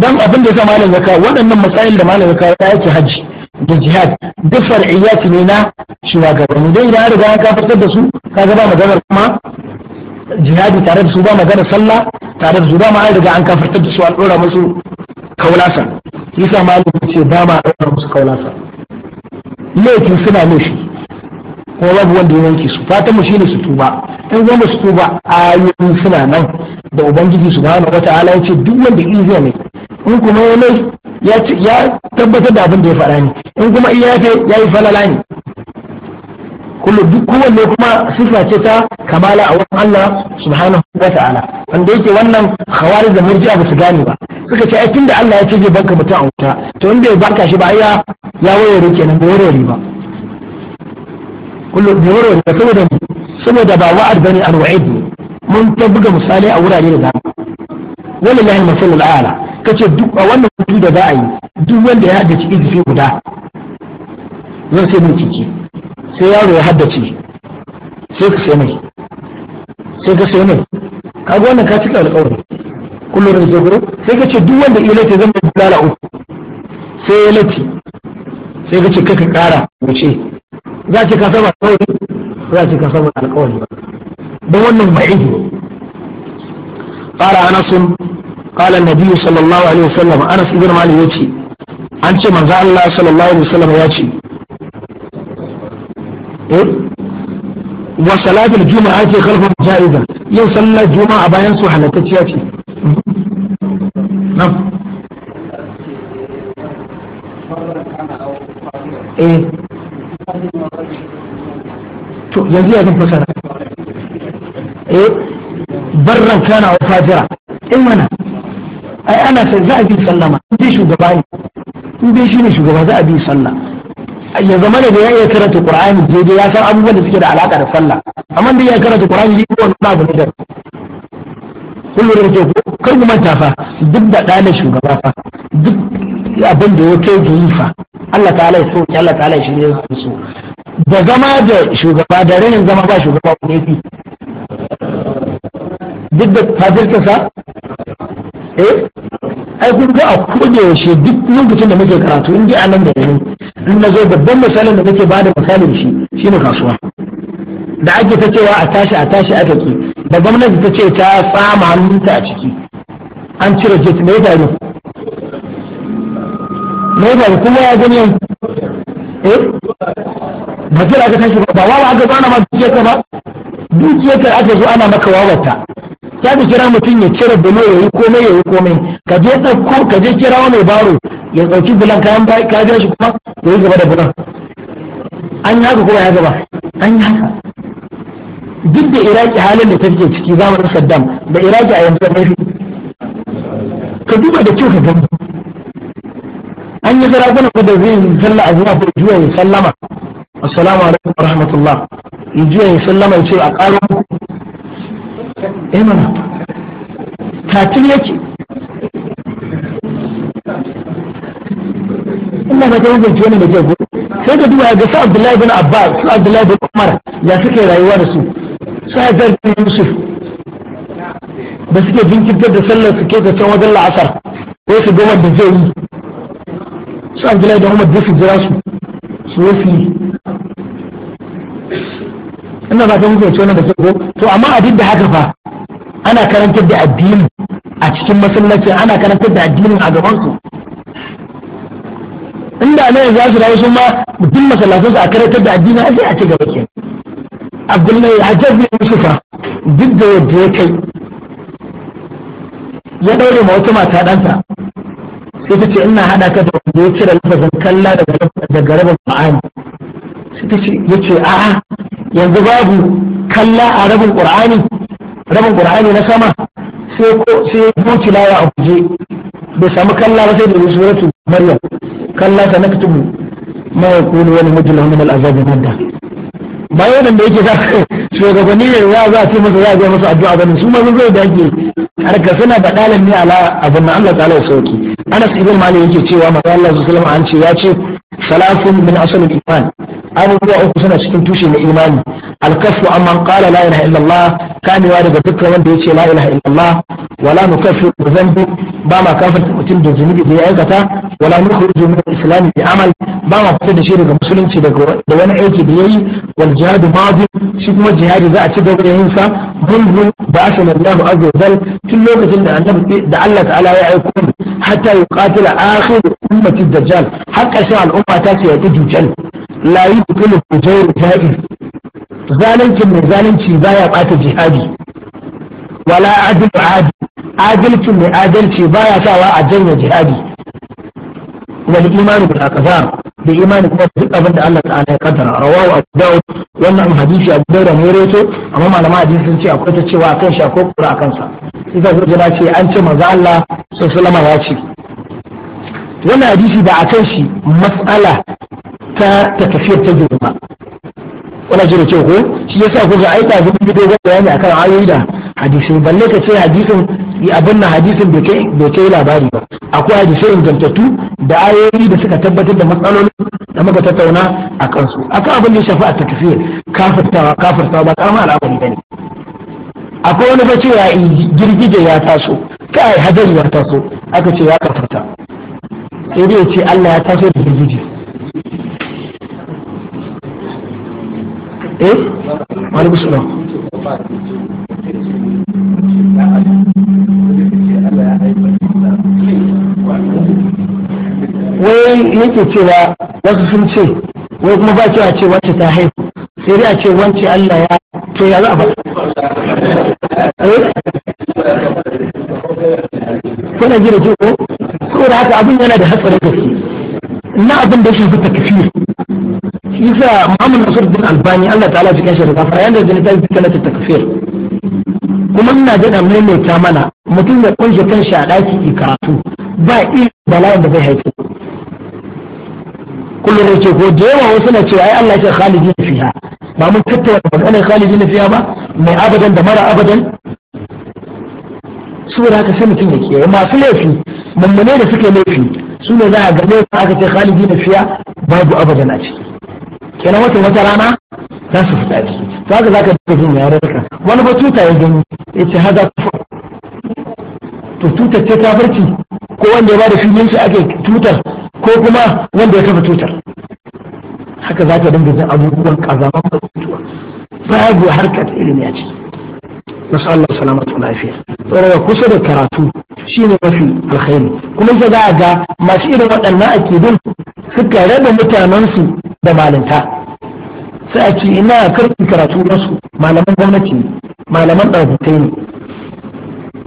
dan abin da zai malam zaka waɗannan masail da malam zaka ya yake haji da jihad duk far'iyyat ne na shugabanni dai idan riga ka fitar da su ka ga maganar kuma jihadi tare da su ba magana sallah tare da su ba ma an riga an kafartar da su an dora musu kaulasa yasa malamin ce ba ma dora musu kaulasa laifin suna laifi kuma babu wanda ya yanke su fatan mu shine su tuba in zan su tuba ayoyin suna nan da ubangiji subhanahu wataala ya ce duk wanda izo ne in kuma ya ya tabbatar da abin da ya faɗa ne in kuma iya ya yi falala ne kullu duk kowanne kuma sifa ce ta kamala a wurin Allah subhanahu wa ta'ala wanda yake wannan khawari da murji'a ba su gane ba suka ce ai tunda Allah ya ce zai banka mutum a wuta to in bai banka shi ba ya ya wayare kenan da wayare ba kullu da wayare ba saboda saboda ba wa'ad bane alwa'id ne mun ta buga misali a wurare da dama wallahi masalul a'la kace duk a wannan hutu da za a yi duk wanda ya haddace izifi guda zan sai mun ciki sai yaro ya haddace sai ka sai mai sai ka sai mai kaga wannan ka cika alƙawari kullum da zai guru sai ka ce duk wanda ilai zan bai bulala uku sai ya lati sai ka ce kaka ƙara wuce za ce ka saba alƙawari za ce ka saba alƙawari ba don wannan ba'idu ana sun قال النبي صلى الله عليه وسلم أنس بن مالك يأتي an ce manzo Allah sallallahu alaihi wasallam ya ce Eh? wa salatul juma'a ce khalfa ja'iza yin sallar juma'a bayan su halattacciya ce na'am eh to yanzu ya zan fasara eh barran kana wa fajira in mana ai ana sai za a bi sallama in dai shugaba ne in dai shine shugaba za a bi sallah ya zama da ya iya karanta qur'ani daidai ya san abubuwan da suke da alaka da sallah amma da ya karanta qur'ani shi ko wannan abu ne da kullu da ke ko kar mu manta fa duk da dalilin shugaba fa duk abin da yake yi fa Allah ta'ala ya so Allah ta'ala ya shirye so da zama da shugaba da rinin zama ba shugaba ku ne fi duk da fadilka sa eh ai kun ga a koda yaushe duk lokacin da muke karatu in a nan da yanzu in na zo babban misalin da nake bada misalin shi shine kasuwa da ake ta cewa a tashi a tashi aka ki da gwamnati ta ce ta tsama hannunta a ciki an cire jet me faru me da kuma ya gani eh ba kira aka tashi ba ba wawa aka bana ma dukiyar ka ba dukiyar ka aka zo ana maka wawata ta bi kira mutum ya cire bulo ya yi komai ya yi komai ka je ɗauko ka je kira mai baro ya ɗauki bulan kayan ka je shi kuma ya yi gaba da bulan an yi haka kuma ya gaba an yi haka duk da iraki halin da ta fi ciki zamanin saddam da iraki a yanzu mafi ka duba da kyau ka gani an yi sarakuna da zai yi sallah a zuwa ko juya ya sallama assalamu alaikum wa rahmatullah ya juya ya sallama ya ce a ƙaro eh mana tatil yake ina ba ta yi zance wani da kyau sai da duba ga su abdullahi bin abbas su abdullahi bin umar ya suke rayuwa da su su haifar bin yusuf da suke jinkirtar da sallar su ke can wajen la'asar ko su goma da zai yi su abdullahi bin umar da su jira su su yi ina ba ta hukunci wannan da ke ko to amma a duk da haka fa ana karantar da addini a cikin masallaci ana karantar da addinin a gaban su inda ne za su dawo su ma mutum masallacin su a karantar da addini a sai a ci gaba ke abdullahi hajjar bin yusufa duk da yadda ya kai ya daure ma wata mata ɗansa sai ta ce ina haɗa ka da wanda ya cire lafazin kalla daga rabin ma'ani sai ta ce ya ce a'a yanzu babu kalla a rabin ƙur'ani rabin qur'ani na sama sai ko sai ko tilawa a kuje bai samu kalla ba sai da yi suratu maryam kalla ta naktubu ma ya wal wani min al azab madda bayan da yake za shugabanni ne za a ce masa za a ga masa addu'a bane su ma zai da yake harka suna da dalan ne ala abin nan Allah ta'ala ya sauki Anas ibn Malik yake cewa manzo Allah sallallahu alaihi wasallam an ce ya ce salatun min asl iman abubuwa uku suna cikin tushe na imani alkafu amman qala la ilaha illallah kamewa daga dukkan wanda yace la ilaha Allah. wala nukaffiru dhanbi ba ma kafirta mutum da zunubi da ya aikata wala nukhruju min al bi amal ba ma fita da shi daga musulunci daga da wani aiki da yayi wal jihad madi shi kuma jihadi za a ci gaba da yin sa bulbul da asana Allahu azza tun lokacin da annabi da Allah ta'ala ya aiko hatta yuqatila akhir ummati dajjal har ƙarshen al'umma ta ce ya dujjal la yi tukulu fujairu jihadi zalincin mai zalunci ba ya bata jihadi wala adil adi adalcin mai adalci ya sawa a janye jihadi wal imanu bil aqdar da imani kuma duk abin da Allah ta'ala ya kaddara rawahu abu daud wannan hadisi abu daud ne rawaito amma malama hadisi sun ce akwai ta cewa akan shi akwai kura akan sa idan ka gurgura ce an ce manzo Allah sallallahu alaihi wasallam ya ce wannan hadisi ba akan shi mas'ala ta ta tafiyar ta girma wani jira ce ko shi yasa ku ga aika zuwa bidiyo ga bayani akan ayoyi da hadisai balle ka ce hadisin abin na hadisin bai kai bai kai labari ba akwai hadisai ingantattu da ayoyi da suka tabbatar da matsalolin da muka tattauna a kansu akan abin da ya shafi a tafiyar kafirtawa kafirtawa ba karamar al'amari bane akwai wani fa cewa girgije ya taso kai hadari ya taso aka ce ya kafirta sai dai ya ce Allah ya taso da girgije eh wani musulman wai yake cewa wasu sun ce wai kuma ba cewa ce wacce ta haihu sai dai a ce wance Allah ya to ya za a faɗa eh? kuna ji da ji ko saboda haka abin yana da hatsarin gaske na abin da shi fi takfir shi sa Muhammad Nasir bin Albani Allah ta'ala cikin shi da kafara yanda da ta fi kalata takfir kuma ina da maimaita mana mutum ya kunshe kan shi a daki karatu ba irin bala'in da zai haife kullum ce ko da yawa wasu na cewa ai Allah ya khalidi fiya. ba mun tattauna maganar khalidi fiya ba mai abadan da mara abadan Su saboda haka sai mutum ya kiyaye masu laifi mummune da suke laifi su ne za a gane aka ce khalidi fiya babu abadan a ciki kenan wata wata rana za su fita da su za ka zaka duka jin yare duka wani ba tuta ya gani ya ce haza to tutar ce ta barci ko wanda ya bada filin shi ake tutar ko kuma wanda ya kafa tutar haka za ka dinga jin abubuwan kazaman mutuwa babu harkar ilimi a ce. nasu Allah salamatu lafiya tsoron kusa da karatu shine mafi alkhairi kuma sai za a ga masu irin waɗannan akidun suka raba mutanensu da malinta sai a ce ina karfin karatu su malaman gwamnati ne malaman ɗaukutai ne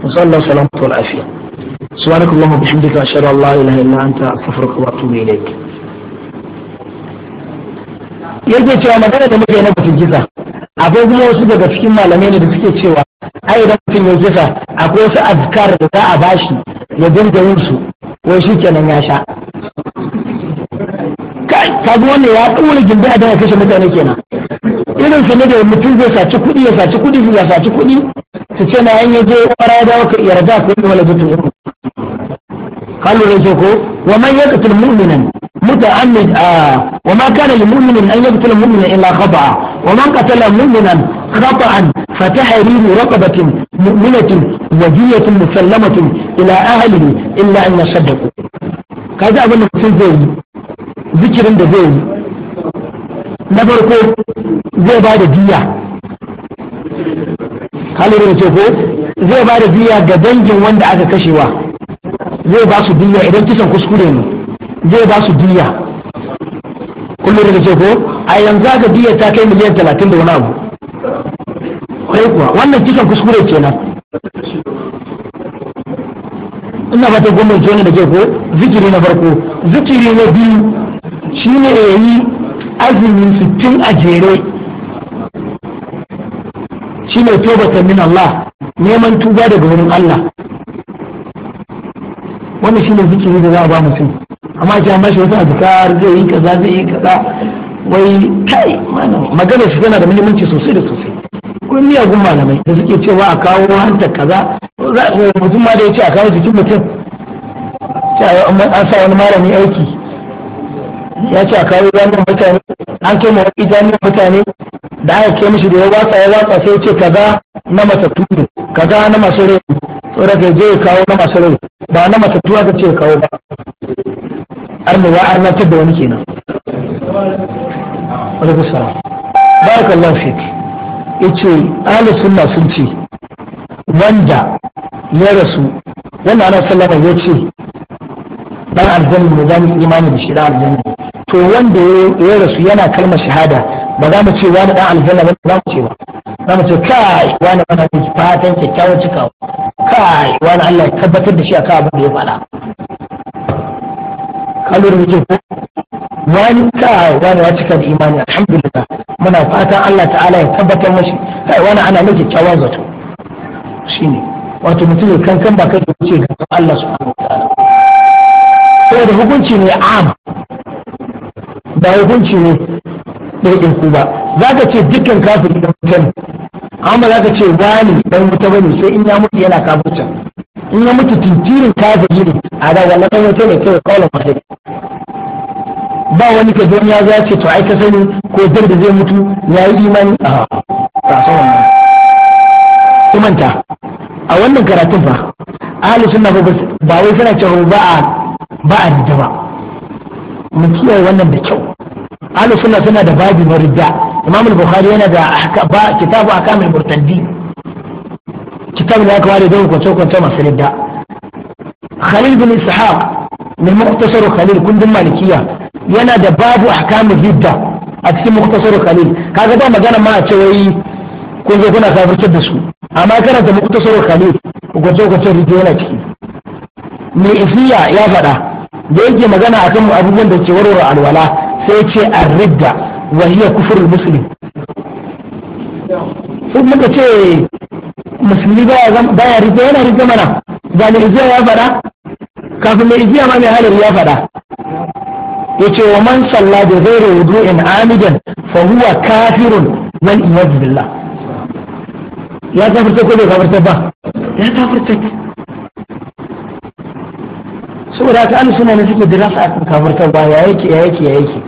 musallar salamatu al'afiya سبحانك اللهم وبحمدك أشهد أن لا إله إلا أنت tu mai إليك yadda cewa magana da muke na mutum kisa akwai kuma wasu daga cikin malamai ne da suke cewa a idan mutum ya kisa akwai wasu azkar da za a bashi ya dinga yin su wai shi kenan ya sha kai kaga wannan ya ɗaure gindi a daga kashe mutane kenan irin su ne da mutum zai saci kuɗi ya saci kuɗi ya saci kuɗi su ce na yan yaje kwara ya dawo ka yarda ko yi wala zutu kalu ne ce ko wa man yaqtul mu'minan متعمد آه وما كان لمؤمن أن يقتل مؤمنا إلا خطأ ومن قتل مؤمنا خطأ فتحرير رقبة مؤمنة ودية مسلمة إلى أهله إلا أن يصدقوا كذا أبن المسلم zikirin da zai yi na farko zai ba da diya halin da ce ko zai ba da diya ga dangin wanda aka kashewa zai ba su diya idan kisan kuskure ne zai ba su diya kullum da ce ko a yanzu aka diya ta kai miliyan talatin da wani abu kai kuwa wannan kisan kuskure kenan ina ba ta gwamnati wani da ke ko zikiri na farko zikiri na biyu shi ne ya yi azumi sittin a jere shi ne tobatan min Allah neman tuba daga wurin Allah Wani shi ne zikiri da za a ba mutum amma shi amma shi wata azkar zai yi kaza zai yi kaza wai kai magana shi tana da muhimmanci sosai da sosai kun miyagun malamai da suke cewa a kawo hanta kaza mutum ma da ya ce a kawo jikin mutum an sa wani malami aiki ya ce a kawo idanun mutane an kai ita idanun mutane da aka kai mishi da ya watsa ya watsa sai ce kaza na matattu ne kaza na masu rai tsoro ka je ya kawo na masu rai ba na matattu aka ce ya kawo ba an da har na da wani kenan ba ya kallon fik ya ce sunna sun ce wanda ya rasu wanda ana sallama ya ce dan aljanna ne zamu imani da shi dan aljanna to wanda ya rasu yana kalmar shahada ba za mu ce wani dan aljanna ba za mu ce ba za mu ce kai wani mana fatan kyakkyawar cikawa kai wani Allah ya tabbatar da shi akan abin da ya faɗa kalmar mutum ko wani kai wani ya cika da imani alhamdulillah muna fatan Allah ta'ala ya tabbatar mashi kai wani ana mai kyakkyawar zato shine wato mutum ya kankan ba kai ce ga Allah subhanahu wa ta'ala saboda hukunci ne am ba hukunci ne ɗaiɗin ku ba za ka ce dukkan kafin da mutum amma za ka ce wani dan wuta ba ne sai in ya mutu yana kafircin in ya mutu tintirin kafin ne a da wannan dan wuta ne kawai kawai ba wani ka don ya za ce to ai ka sani ko dan da zai mutu ya yi imani a ba wannan kumanta a wannan karatun fa ahli na ba wai suna cewa ba a ba a ba mu kiyaye wannan da kyau ahlus sunna suna da babi na ridda imam al-bukhari yana da ba kitabu akamil murtaddi kitabu da aka ware don kwace kwace masu ridda khalil bin ishaq min mukhtasar khalil kundin malikiya yana da babu ahkamul ridda a cikin mukhtasar khalil kaga da magana ma a ce wai kun zo kuna kafirtar da su amma karanta mukhtasar khalil kwace kwace ridda yana ciki mai isiya ya faɗa da yake magana kan abubuwan da ke warware alwala sai ce ar-ridda wa hiya kufrul muslim sun muka ce musulmi baya rike yana rike mana ba mai izuwa ya fada kafin mai izuwa ma mai halar ya fada ya ce wa man salla da zai in amidan fa huwa kafirun wal iyad billah ya kafirta ko bai kafirta ba ya kafirta saboda haka an suna ne suke dirasa akan kafirtar ba ya yake ya yake ya yake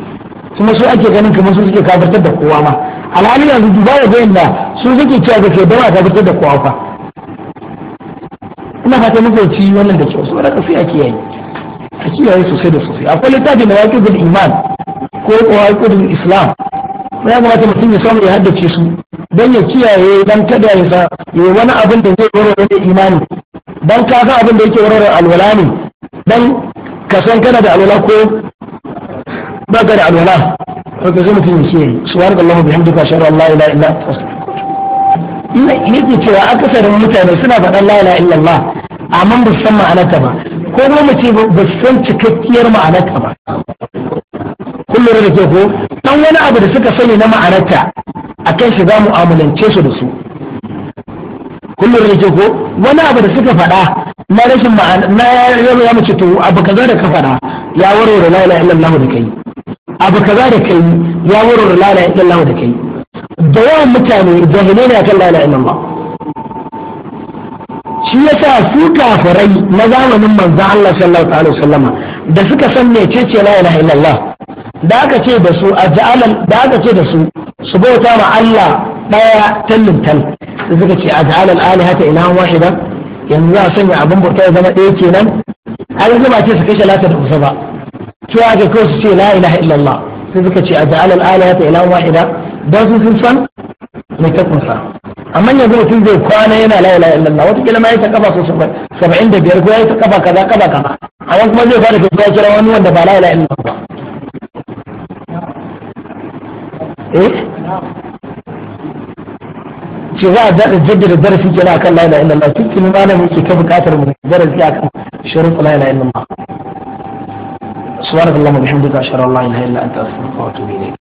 kuma su ake ganin kamar su suke kafirtar da kowa ma alhali yanzu duba da bayan da su suke cewa da ke dawa kafirtar da kowa fa ina fata muka ci wannan da kyau saboda haka sai a kiyaye a kiyaye sosai da sosai akwai littafi na yaƙi gudun iman ko yaƙi gudun islam ya kamata mutum ya samu ya haddace su don ya kiyaye don kada ya sa ya wani abin da zai warware wani imani don ka san abin da yake warware alwala ne dan ka san kana da alwala ko ka da alwala to ka zama mutum yake subhanallahi bihamdika ashhadu an la ilaha illa Allah. Ina yake cewa akasarin mutane suna faɗan la ilaha illallah amma ba su san ma'anarta ba ko kuma mace ba su san cikakkiyar ma'anarta ba kullum da ke ko dan wani abu da suka sani na ma'anarta akan shi za mu amulance su da su kullum da ke ko wani abu da suka faɗa na rashin ma'ana na yau ya mace to abu kaza da ka fada ya warware la ilaha illallah da kai abu kaza da kai ya warware la ilaha illallah da kai da yawan mutane jahilai ne akan la ilaha illallah shi yasa su kafirai na zamanin manzon Allah sallallahu alaihi wasallama da suka san mecece la ilaha Allah. da aka ce da su aj'alan da aka ce da su su bauta ma Allah daya tallin tal suka ce aj'alal alihata ilahan wahida yanzu za a sanya abin bauta ya zama ɗaya kenan a yanzu ba ce su kashe lata da kusa ba cewa ga kawai su ce la ilaha illallah sai suka ce a ja'ala al'ala ta ilaha wahida dan su sun san mai ta kunsa amma yanzu mutum zai kwana yana la ilaha illallah wata kila ma ya ta kafa so saba'in da biyar ko ya ta kafa kaza kafa kaza amma kuma zai fara fitowa kira wani wanda ba la ilaha illallah ba eh? ce za a jaddada darasi ke na akan la'ila illallah tun tuni malamin ke ta buƙatar mu darasi akan shirin la'ila illallah subhanallahi wa bihamdika la ilaha illa anta astaghfiruka wa atubu ilayk